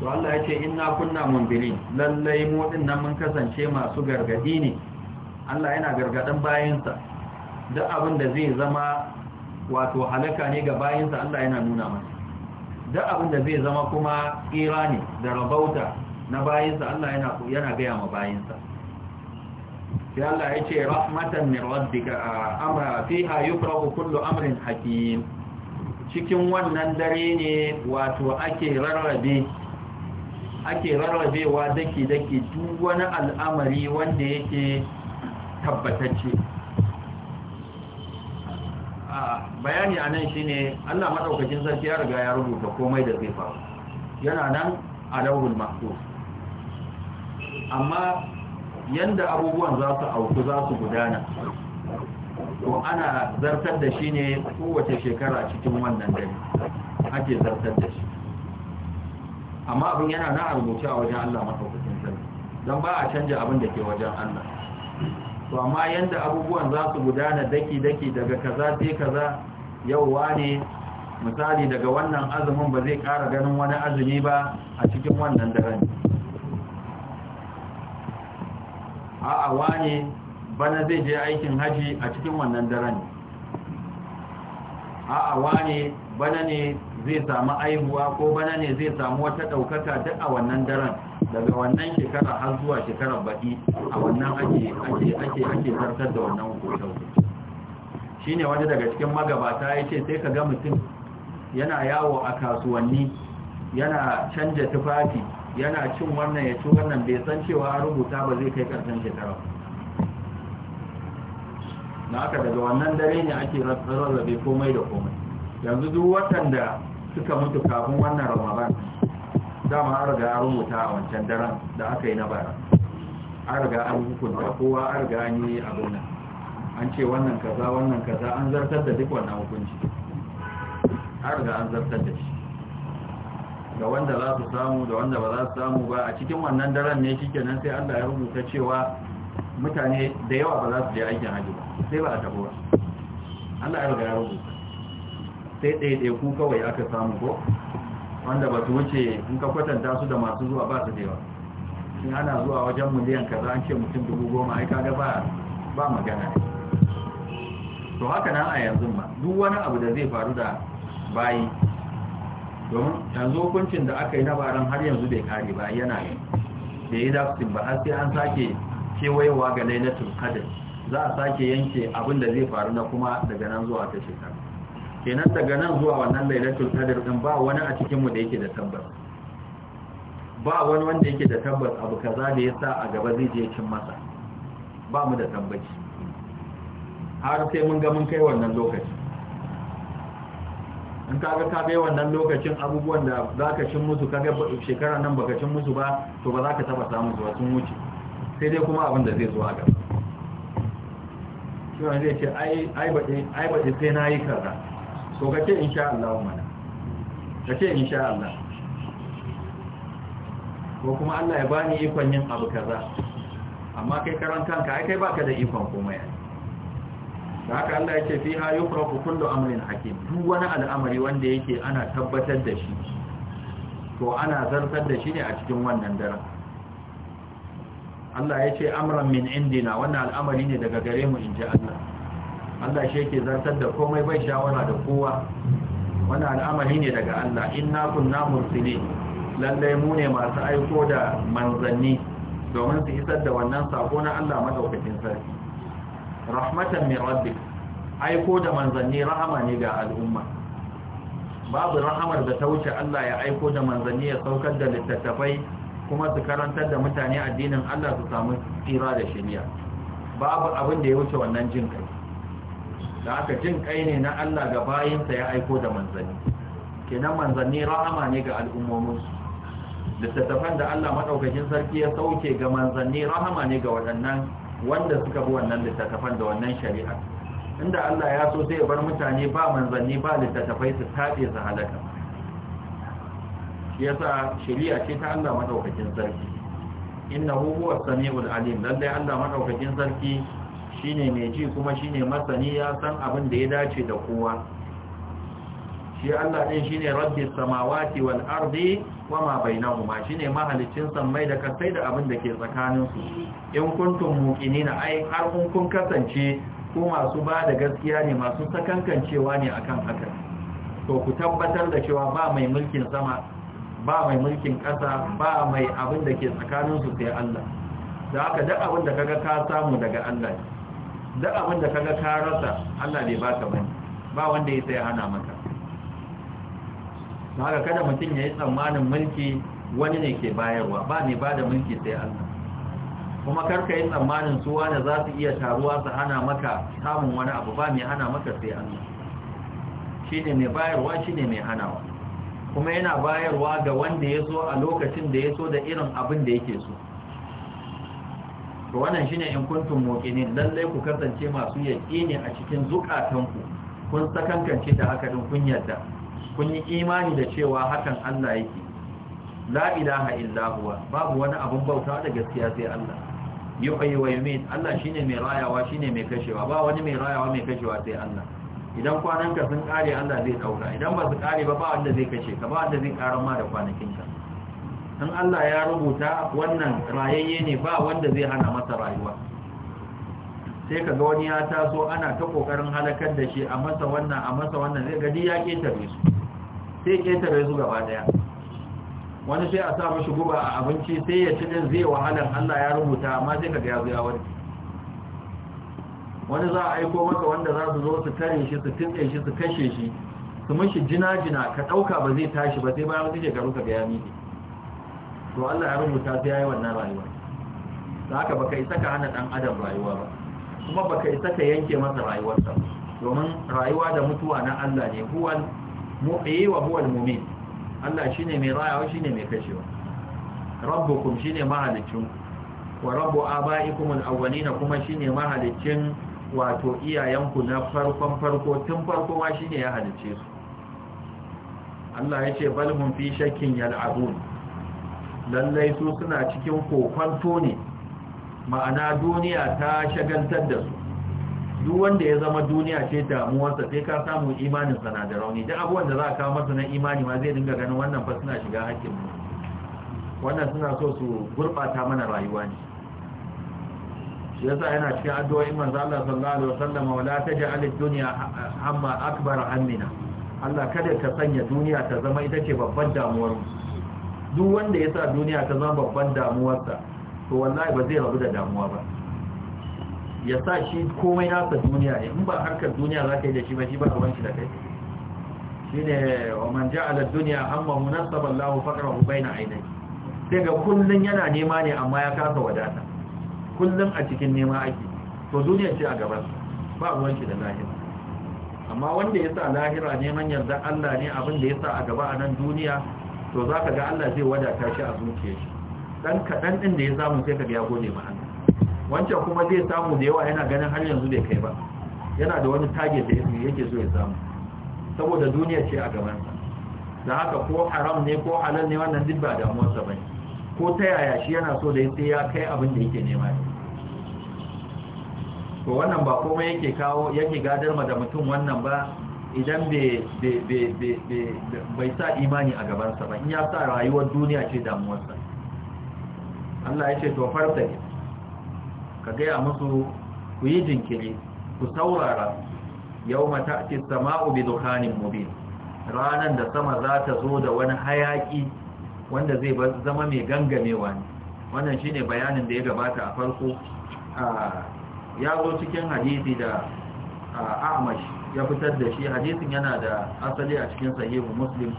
to Allah ya ce inna kunna mundirin lallai mu dinnan mun kasance masu gargadi ne Allah yana gargadan bayinsa duk abin da zai zama wato halaka ne ga bayinsa Allah yana nuna masa duk abin da zai zama kuma tsira ne da rabauta na bayinsa Allah yana yana ga ma bayinsa sai Allah ya ce rahmatan min rabbika amra fiha yufrahu kullu amrin hakim cikin wannan dare ne wato ake rarrabe ake rarrabewa daki-daki duk wani al'amari wanda yake tabbatacce bayani a nan shi ne allah maɗaukacin sarki ya riga ya rubuta komai da zai faru yana nan a lauhul amma yadda abubuwan za su auku za su gudana to ana zartar da shi ne kowace shekara cikin wannan dare ake zartar da shi amma abin yana na rubuce a wajen Allah maɗaukakin sarki don ba a canja abin da ke wajen Allah to amma yadda abubuwan za su gudana daki-daki daga kaza sai kaza yau wane misali daga wannan azumin ba zai kara ganin wani azumi ba a cikin wannan daren a'a wane bana zai je aikin haji a cikin wannan daren a'a wane bana ne zai samu aihuwa ko bana ne zai samu wata ɗaukaka duk a wannan daren daga wannan shekara har zuwa shekarar baki a wannan ake ake ake zartar da wannan Shi shine wani daga cikin magabata ya ce sai ka ga mutum yana yawo a kasuwanni yana canja tufafi yana cin wannan ya ci wannan bai san cewa rubuta ba zai kai karshen shekara ba na aka daga wannan dare ne ake rarrabe komai da komai yanzu duk watan da suka mutu kafin wannan ramadan dama an riga an rubuta a wancan daren da aka yi na bara an riga an hukunta kowa an riga an yi abin nan an ce wannan kaza wannan kaza an zartar da duk wannan hukunci an riga an zartar da shi da wanda za su samu da wanda ba za su samu ba a cikin wannan daren ne shi kenan sai allah ya rubuta cewa mutane da yawa ba za su je aikin hajji ba sai ba a tabo ba Allah ya riga rubuta sai ɗaiɗai ku kawai aka samu ko wanda ba su wuce in ka kwatanta su da masu zuwa ba su da yawa in ana zuwa wajen miliyan kaza an ce mutum dubu goma ai kaga ba ba magana ne to haka nan a yanzu ba, duk wani abu da zai faru da bayi domin yanzu hukuncin da aka yi na baran har yanzu bai kare ba yana da yi daftin ba har sai an sake kewayewa ga lailatul qadr za a sake yanke abin da zai faru na kuma daga nan zuwa ta shekara kenan daga nan zuwa wannan lailatul qadr din ba wani a cikin mu da yake da tabbas ba wani wanda yake da tabbas abu kaza da yasa a gaba zai je cin masa ba mu da tabbaci har sai mun ga mun kai wannan lokaci in kaga ka kai wannan lokacin abubuwan da zaka cin musu kaga shekara nan baka cin musu ba to ba za ka taba samu zuwa sun wuce sai dai kuma abin da zai zo a gaba shi wani zai ce ai baɗe sai na yi kaza so ka ce in sha Allah mana ka ce in sha Allah ko kuma Allah ya bani ikon yin abu kaza amma kai karan kanka ai kai baka da ikon ya da haka Allah ya ce fi ha yufraku kullu amrin hakim duk wani al'amari wanda yake ana tabbatar da shi to ana zartar da shi ne a cikin wannan daren Allah ya ce amran min indina wannan al'amari ne daga gare mu in Allah Allah shi yake zartar da komai bai shawara da kowa wannan al'amari ne daga Allah inna kunna mursili lalle mu ne masu aiko da manzanni domin su isar da wannan sako na Allah madaukakin sarki rahmatan min rabbik aiko da manzanni rahama ne ga al'umma babu rahamar da ta wuce Allah ya aiko da manzanni ya saukar da littattafai kuma su karantar da mutane addinin Allah su samu tsira da shari'a babu abin da ya wuce wannan jin kai da aka jin kai ne na Allah ga bayinsa ya aiko da manzanni kenan manzanni rahama ne ga al'ummomin littattafan da Allah madaukakin sarki ya sauke ga manzanni rahama ne ga waɗannan wanda suka bi wannan littattafan da wannan shari'a inda Allah ya so sai ya bar mutane ba manzanni ba littattafai su tabe su halaka yasa shari'a ce ta Allah madaukakin sarki Inna huwa samiul alim lallai Allah madaukakin sarki shine mai ji kuma shine masani ya san abin da ya dace da kowa shi Allah din shine rabbi samawati wal ardi ma bainahuma shine mahalicin samai da kasai da abin da ke tsakanin su in kuntum muqinina ai har kun kun kasance ko masu ba da gaskiya ne masu sakankancewa ne akan haka to ku tabbatar da cewa ba mai mulkin sama ba mai mulkin ƙasa ba mai abin da ke tsakaninsu sai Allah da haka duk abin da kaga ka samu daga Allah duk abin da kaga ka rasa Allah bai baka bane ba wanda ya sai hana maka Da haka kada mutum ya yi tsammanin mulki wani ne ke bayarwa ba mai bada mulki sai Allah kuma karka yi tsammanin su wani za su iya taruwa su hana maka samun wani abu ba mai hana maka sai Allah shi ne mai bayarwa shi ne mai hanawa kuma yana bayarwa ga wanda ya so a lokacin da ya so da irin abin da yake so wannan wannan ne in kuntum ne lallai ku kasance masu ne a cikin zukatanku kun sakankance da haka din kun yarda kun yi imani da cewa hakan Allah yake la ilaha illa huwa babu wani abin bauta da gaskiya sai Allah yuhyi wa mai Allah shine mai rayawa shine mai kashewa ba wani mai rayawa mai kashewa sai Allah idan kwananka sun kare Allah zai dauka idan ba su kare ba ba wanda zai kace ka ba wanda zai karar ma da kwanakinka in Allah ya rubuta wannan rayayye ne ba wanda zai hana masa rayuwa sai kaga wani ya taso ana ta kokarin halakar da shi a masa wannan a masa wannan zai gadi ya ketare su sai ketare su gaba daya wani sai a sa mishi guba a abinci sai ya ci din zai wahalar Allah ya rubuta amma sai kaga ya zo ya wani. wani za a aiko maka wanda za su zo su tare shi su tunɗe shi su kashe shi su mashi jina-jina ka ɗauka ba zai tashi ba sai bayan suke shekaru ka gaya ne to Allah ya rubuta sai ya yi wannan rayuwa da haka baka isa ka hana ɗan adam rayuwa ba kuma baka isa ka yanke masa rayuwarsa domin rayuwa da mutuwa na Allah ne huwal mu'i eh, wa huwal mumin Allah shine mai rayawa shine mai kashewa rabbukum shine mahalicinku wa rabbu abaikumul awwalina awwalin kuma shine mahalicin wato iyayenku na farkon farko tun farko ma shine ya halice su Allah ya ce balhum fi shakkin yal'abun lallai su suna cikin kokonto ne ma'ana duniya ta shagantar da su duk wanda ya zama duniya ce damuwarsa sai ka samu imanin sana da rauni duk abubuwan da za a kawo masa na imani ma zai dinga ganin wannan fa suna shiga hakkin mu wannan suna so su gurɓata mana rayuwa ne shi yasa yana cikin addu'o'in manzo Allah sallallahu alaihi wasallam wala taj'al ad-dunya hamma akbar hammina Allah kada ka sanya duniya ta zama ita ce babban damuwar mu duk wanda yasa duniya ta zama babban damuwarsa to wallahi ba zai rabu da damuwa ba ya sa shi komai nasa duniya ne in ba harkar duniya za ka yi da shi ba shi ba ruwan da kai shi ne wa man ja'ala ad-dunya hammahu munasaba Allahu faqrahu bayna aynayhi daga kullun yana nema ne amma ya kasa wadata kullum a cikin nema ake to duniya ce a gaban ba ruwan shi da lahira amma wanda ya sa lahira neman yarda Allah ne abin da ya sa a gaba a nan duniya to za ka ga Allah zai wadata shi a zuciya shi dan kaɗan ɗin da ya samu sai ka ga ya gode ma Allah wancan kuma zai samu da yawa yana ganin har yanzu bai kai ba yana da wani target da yake so ya samu saboda duniya ce a gabansa da haka ko haram ne ko halal ne wannan duk ba damuwarsa bane ko ta yaya shi yana so da sai ya kai abin da yake nema ne to wannan ba kuma yake kawo yake gadar ma da mutum wannan ba idan bai sa imani a gabansa ba in ya sa rayuwar duniya ce damuwarsa Allah ya ce to farta ne ka gaya musu ku yi jinkiri ku saurara yau mata ce sama'u bi dukhanin mubin ranar da sama za ta zo da wani hayaki wanda zai zama mai gangamewa ne wannan shine bayanin da ya gabata a farko ya zo cikin hadisi da ahmad ya fitar da shi hadisin yana da asali a cikin sahihu muslim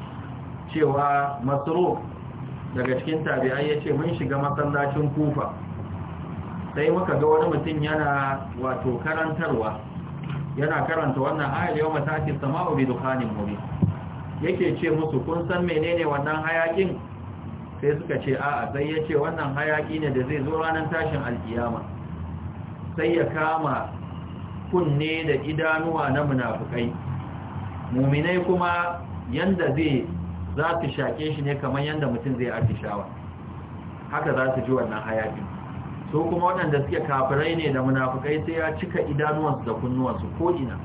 cewa masro daga cikin tabi'ai ya ce mun shiga masallacin kufa sai muka ga wani mutum yana wato karantarwa yana karanta wannan ayar yau mataki sama'u bi dukanin muri yake ce musu kun san menene wannan hayakin sai suka ce a'a sai ya ce wannan hayaki ne da zai zo ranar tashin alkiyama sai ya kama kunne da idanuwa na munafukai muminai kuma yanda zai za su shaƙe shi ne kamar yanda mutum zai atishawa haka za su ji wannan hayaƙi so kuma waɗanda suke kafirai ne da munafukai sai ya cika idanuwansu da kunnuwansu ko ina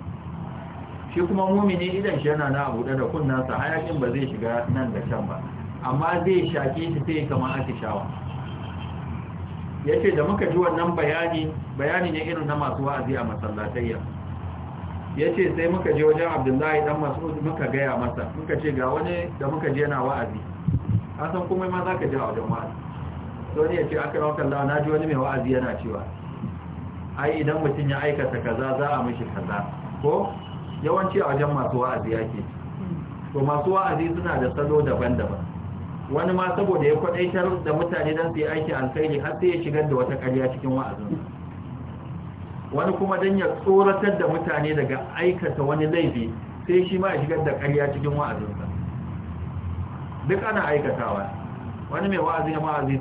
shi kuma mumini idan shi yana na buɗe da kunnansa hayaƙin ba zai shiga nan da can ba amma zai shake shi sai kamar atishawa ya ce da muka ji wannan bayani bayani ne irin na masu wa'azi a masallatayya ya ce sai muka je wajen abdullahi dan masud muka gaya masa muka ce ga wani da muka je yana wa'azi an san kuma ma za ka ji a wajen wa'azi to ne ya ce aka rawa kallawa na ji wani mai wa'azi yana cewa ai idan mutum ya aikata kaza za a mishi kaza ko yawanci a wajen masu wa'azi yake to masu wa'azi suna da salo daban-daban wani ma saboda ya kwadaitar da mutane don su yi aikin alkhairi har sai ya shigar da wata ƙarya cikin wa'azin wani kuma don ya tsoratar da mutane daga aikata wani laifi sai shi ma ya shigar da ƙarya cikin wa'azinsa duk ana aikatawa wani mai wa'azi ya ma'azi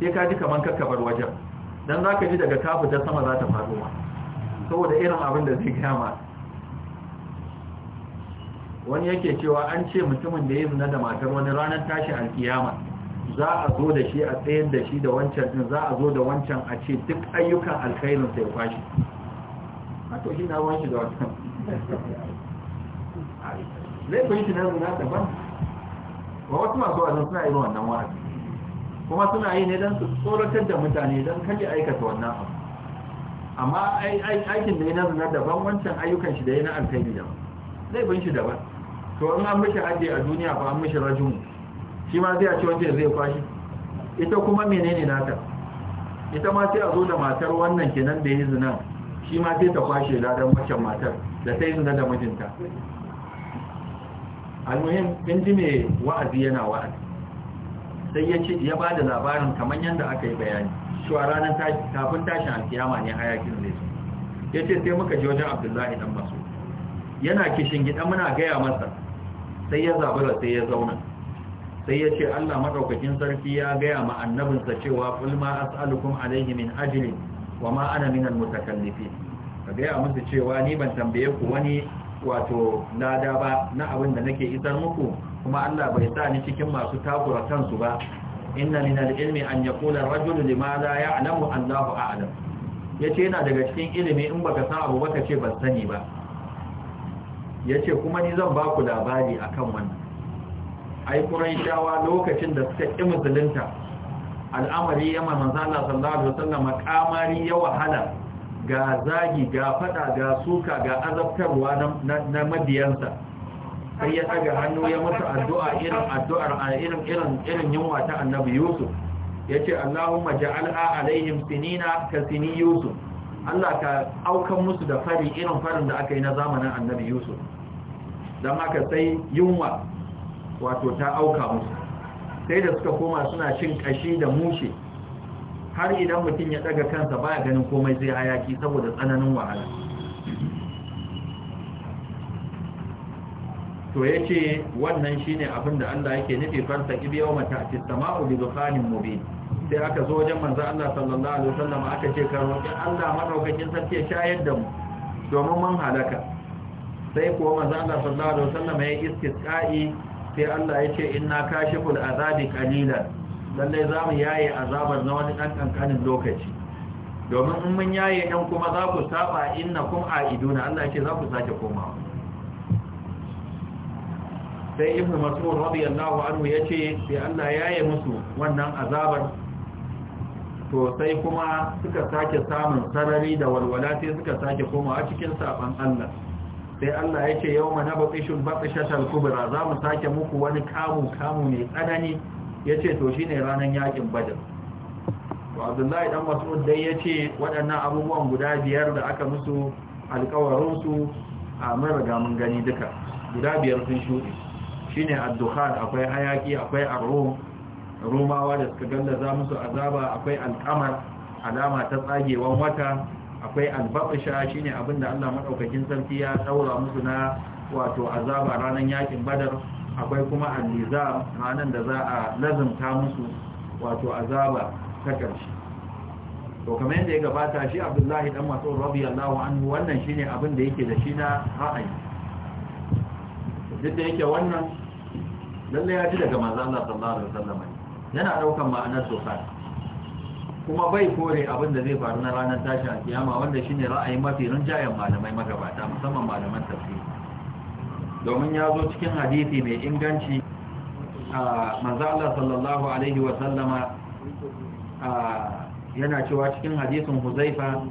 sai ka ji kamar kakkabar wajen don za ka ji daga kafu ta sama za ta faruwa saboda irin abin da zai gama wani yake cewa an ce mutumin da ya zina da matar wani ranar tashi alkiyama za a zo da shi a tsayar da shi da wancan din za a zo da wancan a ce duk ayyukan alkhairin sai kwashi to shi na wanshi da zai kun shi na zina daban ba wasu masu wajen suna irin wannan wa'azi kuma suna yi ne don su tsoratar da mutane don kaji aikata wannan abu amma aikin da ya na zina daban wancan ayyukan shi da ya na alkhairi daban bin shi daban to an an mishi hajji a duniya ba an mishi rajin shi ma zai a ce wancan zai kwashi ita kuma menene nata ita ma sai a zo da matar wannan kenan da yi zinan shi ma sai ta kwashe ladan waccan matar da ta yi zina da mijinta almuhim in ji mai wa'azi yana wa'azi sai ya ce ya ba da labarin kamar yadda aka yi bayani cewa ranar tafin tashin alkiyama ne hayakin zai su ya ce sai muka ji wajen abdullahi dan masu yana kishin gida muna gaya masa sai ya zabura sai ya zauna sai ya ce Allah madaukakin sarki ya gaya ma annabinsa cewa "Fulma ma as'alukum alayhi min ajli wa ma ana min almutakallifin ka gaya musu cewa ni ban tambaye ku wani wato lada ba na abin da nake isar muku kuma Allah bai sa ni cikin masu takura kansu ba inna min al-ilmi an yaqula ar-rajulu lima la ya'lamu Allahu a'lam yace yana daga cikin ilimi in baka san abu baka ce ban sani ba ya ce kuma ni zan baku labari a kan wannan ai ƙuraishawa lokacin da suka ƙi musulunta al'amari ya manzana sallallahu alaihi sallama kamari ya wahala ga zagi ga fada ga suka ga azabtarwa na mabiyansa sai ya daga hannu ya musu addu'a irin addu'ar a irin yunwa ta annabi yusuf ya ce allahumma ja'al'a alaihim sinina ka sini yusuf Allah ka aukan musu da fari irin farin da aka yi na zamanin annabi Yusuf don haka sai yunwa wato ta auka musu sai da suka koma suna cin kashi da mushe har idan mutum ya daga kansa baya ganin komai zai hayaki saboda tsananin wahala to ya ce wannan shine abin da Allah yake nufi farta ibi mata a cikin sama'u bi mubin sai aka zo wajen manzo Allah sallallahu alaihi wasallam aka ce ka ɗin Allah madaukakin sarki ya shayar da mu domin mun halaka sai kuwa manzo Allah sallallahu alaihi wasallam ya istisqa'i sai Allah ya ce inna kashiful azabi qalilan lallai za mu yaye azabar na wani dan kankanin lokaci domin in mun yaye dan kuma za ku saba innakum aiduna Allah ya ce za ku sake komawa sai ibnu mas'ud radiyallahu anhu yace sai Allah yaye musu wannan azabar to sai kuma suka sake samun sarari da walwala sai suka sake komawa cikin sabon Allah sai Allah ya ce yau mana baƙishin baƙishatar kubra za mu sake muku wani kamu-kamu mai tsanani ya ce to shi ne ranar yakin badar abdullahi dan mas'ud dai ya ce waɗannan abubuwan guda biyar da aka musu alkawarinsu a maraga mun gani duka guda biyar sun shuɗe shi ne akwai hayaki akwai arrum romawa da suka gallaza musu azaba akwai alkamar alama ta tsagewan wata akwai albabisha shine abin da Allah madaukakin sarki ya daura musu na wato azaba ranan yakin badar akwai kuma aliza ranan da za a lazumta musu wato azaba ta karshe to kamar yadda ya gabata shi Abdullahi dan Mas'ud radiyallahu anhu wannan shine abin da yake da shi na ra'ayi duk da yake wannan lalle ya ji daga manzon Allah sallallahu alaihi wasallam yana ɗaukan ma'anar tofar kuma bai kore abin da zai faru na ranar tashi a kiyama wanda shi ne ra'ayi mafi rinjayen malamai magabata musamman malaman tafsir domin ya zo cikin hadisi mai inganci a manzo sallallahu alaihi wa sallama yana cewa cikin hadisin Huzaifa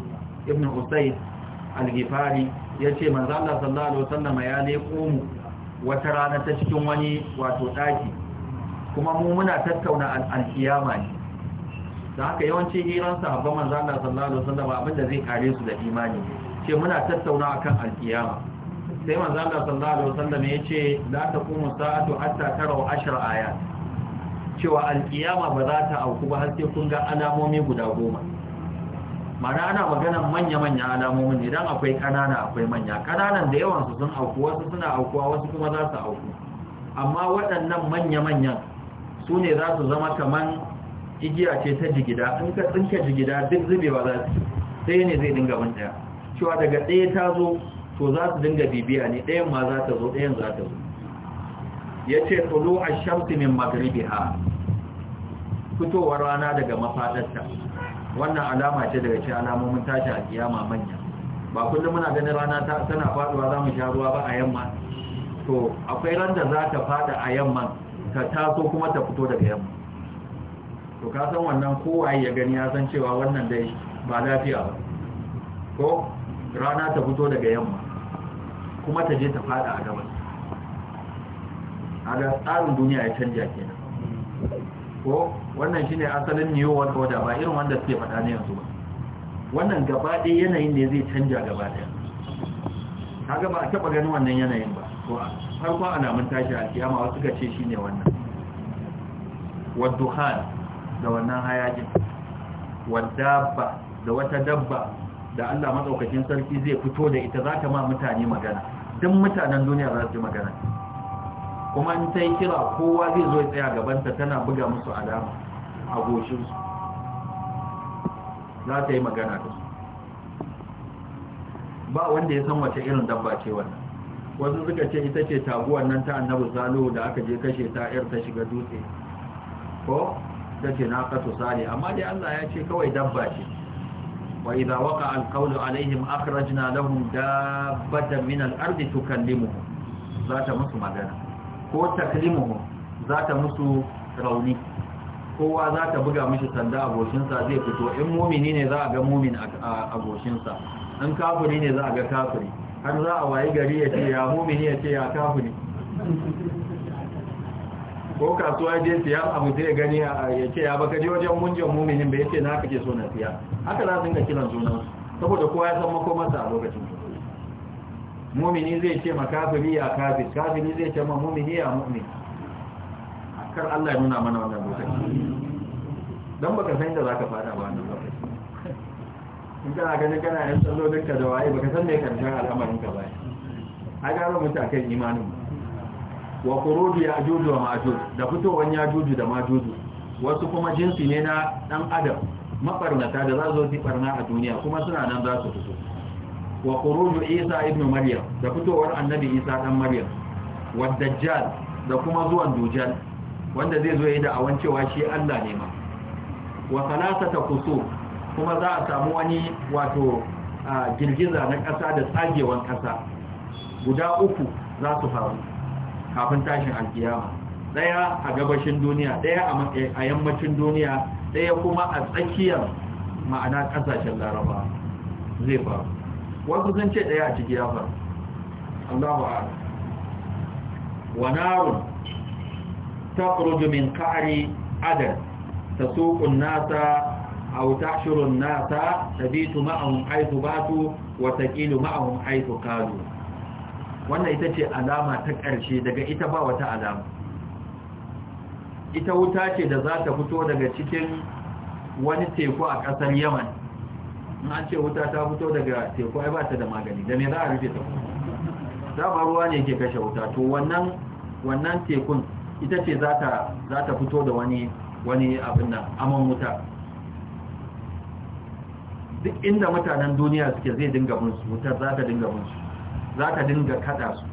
ibn Usayd al-Ghifari yace manzo Allah sallallahu alaihi wa sallama ya leko mu wata rana ta cikin wani wato ɗaki. kuma mu muna tattauna alkiyama ne da haka yawanci hiran sahabban manzo Allah sallallahu alaihi wasallam abinda zai kare su da imani ce muna tattauna akan alkiyama sai manzo Allah sallallahu alaihi wasallam yace la taqumu sa'atu hatta taraw ashra ayat cewa alkiyama ba za ta auku ba har sai kun ga alamomi guda goma mana ana magana manya-manya alamomin ne don akwai kanana akwai manya kananan da yawansu sun auku wasu suna aukuwa wasu kuma za su auku amma waɗannan manya-manyan su ne za su zama kaman igiya ce ta jigida in ka tsinka jigida duk zubewa za su sai ne zai dinga bin ɗaya cewa daga ɗaya ta zo to za su dinga bibiya ne ɗayan ma za ta zo ɗayan za ta zo ya ce tulu a shamsi min ha fitowar rana daga mafaɗarta wannan alama ce daga ce alamomin tashi a kiyama manya ba kullum muna ganin rana tana faɗuwa za mu sha ruwa ba a yamma to akwai ran da za ta faɗa a yamman ta taso kuma ta fito daga yamma to ka san wannan kowa ya gani ya san cewa wannan dai ba lafiya ba ko rana ta fito daga yamma kuma ta je ta fada a gaban a tsarin duniya ya canja kenan ko wannan shine asalin new world order ba irin wanda suke faɗa ne yanzu ba wannan gaba ɗaya yanayin ne zai canja gaba ɗaya kaga ba a taɓa ganin wannan yanayin ba ko a har ma alamun tashi alkiyama wasu ga ce shine wannan wadduhan da wannan hayajin wadabba da wata dabba da Allah madaukakin sarki zai fito da ita zaka ma mutane magana duk mutanen duniya za su magana kuma in sai kira kowa zai zo ya tsaya gaban ta tana buga musu alama a goshin su za ta yi magana da su ba wanda ya san wace irin dabba ce wannan wasu suka ce ita ce taguwar nan ta annabi salihu da aka je kashe ta yar ta shiga dutse ko ta ce na kasu Sani? amma dai Allah ya ce kawai dabba ce wa idza waqa qawlu alaihim akhrajna lahum dabbatan min al-ardi tukallimuhum za ta musu magana ko taklimuhum za ta musu rauni kowa za ta buga mishi sanda a goshinsa zai fito in mumini ne za a ga mumin a goshinsa in kafiri ne za a ga kafiri har za a wayi gari ya ce ya mumini ya ce ya kafu ne ko kasuwa je siya abu zai gani ya ce ya baka je wajen munjan muminin bai ce na kake so na siya haka za su dinga kiran sunan saboda kowa ya san makomarsa a lokacin mumini zai ce ma kafiri ya kafi kafiri zai ce ma mumini ya mumin kar Allah ya nuna mana wannan lokaci dan baka san da zaka fada ba nan in kana ganin kana tsallo dukka da waye baka san ne karshen al'amarin ka ba a gano mutu a kan imanin wa kurubi ya ajuju wa da fitowar ya ajuju da majuju wasu kuma jinsi ne na dan adam mabarnata da za su zo barna a duniya kuma suna nan za su fito wa kuruju isa ibn maryam da fitowar annabi isa dan maryam wa dajjal da kuma zuwan dujal wanda zai zo yayin da awan cewa shi Allah ne ma wa salasata kusur kuma za a samu wani wato girgiza na ƙasa da tsagewan ƙasa guda uku za su faru kafin tashin alkiyama ɗaya a gabashin duniya ɗaya a yammacin duniya ɗaya kuma a tsakiyar ma'ana ƙasashen laraba zai faru wasu sun ce ɗaya a ciki ya faru allahu a'ala wa run ta min ka'ari adal ta suƙun nasa أو تحشر الناس تبيت معهم حيث باتوا وتكيل معهم حيث قالوا wannan ita ce alama ta ƙarshe daga ita ba wata alama ita wuta ce da za ta fito daga cikin wani teku a ƙasar yaman in an ce wuta ta fito daga teku ai ba ta da magani da me za a rufe ta dama ruwa ne ke kashe wuta to wannan wannan tekun ita ce za ta fito da wani abin nan aman wuta duk inda mutanen duniya suke zai dinga bin su wutar za ta dinga bin su za ta dinga kada su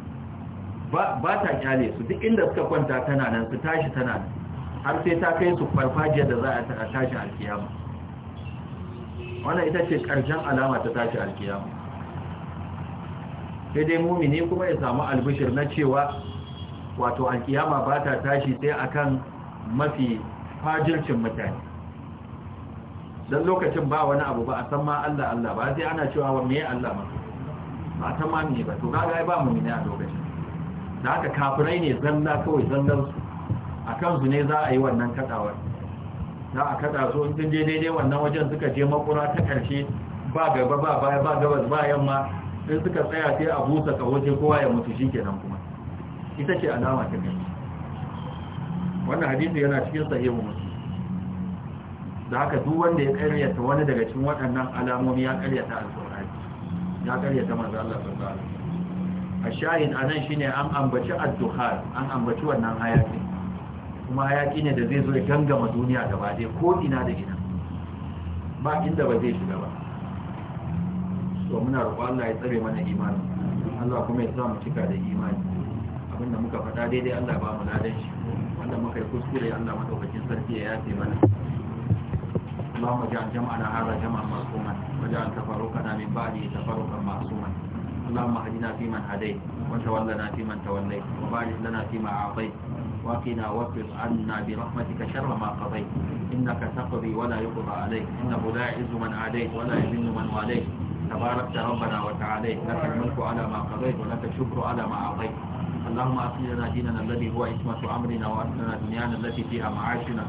ba ta kyale su duk inda suka kwanta tana nan su tashi tana nan har sai ta kai su farfajiyar da za a tashi alkiyama wannan ita ce karshen alama ta tashi alkiyama sai dai mumini kuma ya samu albishir na cewa wato alkiyama ba ta tashi sai akan mafi fajircin mutane don lokacin ba wani abu ba a san ma Allah Allah ba sai ana cewa wa meye Allah ma ba ta ma ne ba to kaga ba mu ne a lokacin da haka kafirai ne zanna kawai zallar su a kansu ne za a yi wannan kadawar za a kada su in sun je daidai wannan wajen suka je makura ta karshe ba gaba ba baya ba gabas ba yamma in suka tsaya sai a busa ka waje kowa ya mutu shikenan kuma ita ce alama ta gani wannan hadisi yana cikin sahihu muslim da haka duk wanda ya karyata wani daga cikin waɗannan alamomi ya karyata alƙur'ani ya karyata manzo Allah sallallahu alaihi wasallam ashayin anan shine an ambaci ad duhar an ambaci wannan hayaki kuma hayati ne da zai zo ya gangama duniya gaba da ko ina da gida. ba inda ba zai shiga ba so muna roƙon Allah ya tsare mana imani Allah kuma ya sa mu cika da imani abinda muka faɗa daidai Allah ba mu ladan shi wanda muka yi kuskure Allah madaukakin sarki ya yafe mana اللهم اجعل جمعنا هذا جمعا مرحوما واجعل تفرقنا من بعده تفرقا معصوما اللهم اهدنا فيمن هديت وتولنا فيمن توليت وبارك لنا فيما اعطيت وقنا واصرف عنا برحمتك شر ما قضيت انك تقضي ولا يقضى عليك انه لا يعز من عاديت ولا يذل من واليت تباركت ربنا وتعاليت لك الملك على ما قضيت ولك الشكر على ما اعطيت اللهم اصلح لنا ديننا الذي هو عصمه امرنا واصلح لنا دنيانا التي فيها معاشنا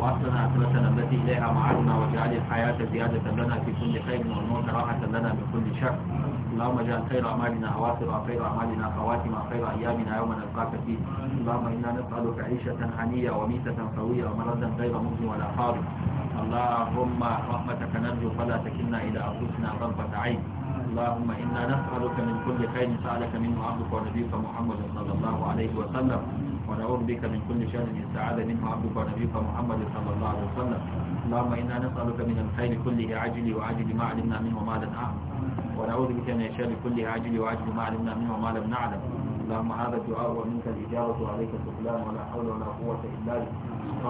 وأصلنا أسرتنا التي إليها معادنا واجعل الحياة زيادة لنا في كل خير والموت راحة لنا من كل شر اللهم اجعل خير أعمالنا أواخر وخير أعمالنا خواتم خير أيامنا يوم نلقاك فيه اللهم إنا نسألك عيشة هنية وميتة قوية ومرضا غير مؤمن ولا خارج اللهم رحمتك نرجو فلا تكلنا إلى أنفسنا طرفة عين اللهم إنا نسألك من كل خير سألك منه عبدك ونبيك محمد صلى الله عليه وسلم ونعوذ بك من كل شر استعاذ منه عبدك ونبيك محمد صلى الله عليه وسلم اللهم إنا نسألك من الخير كله عاجل وعاجل ما علمنا منه وما لم نعلم ونعوذ بك من الشر كله عاجل وعاجل ما علمنا منه وما لم نعلم اللهم هذا الدعاء ومنك الإجابة وعليك السلام ولا حول ولا قوة إلا بك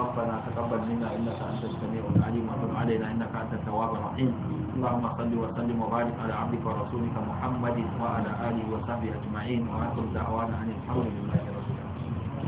ربنا تقبل منا إنك أنت السميع العليم وتب علينا إنك أنت التواب الرحيم اللهم صل وسلم وبارك على عبدك ورسولك محمد وعلى آله وصحبه أجمعين وآخر دعوانا عن الحمد لله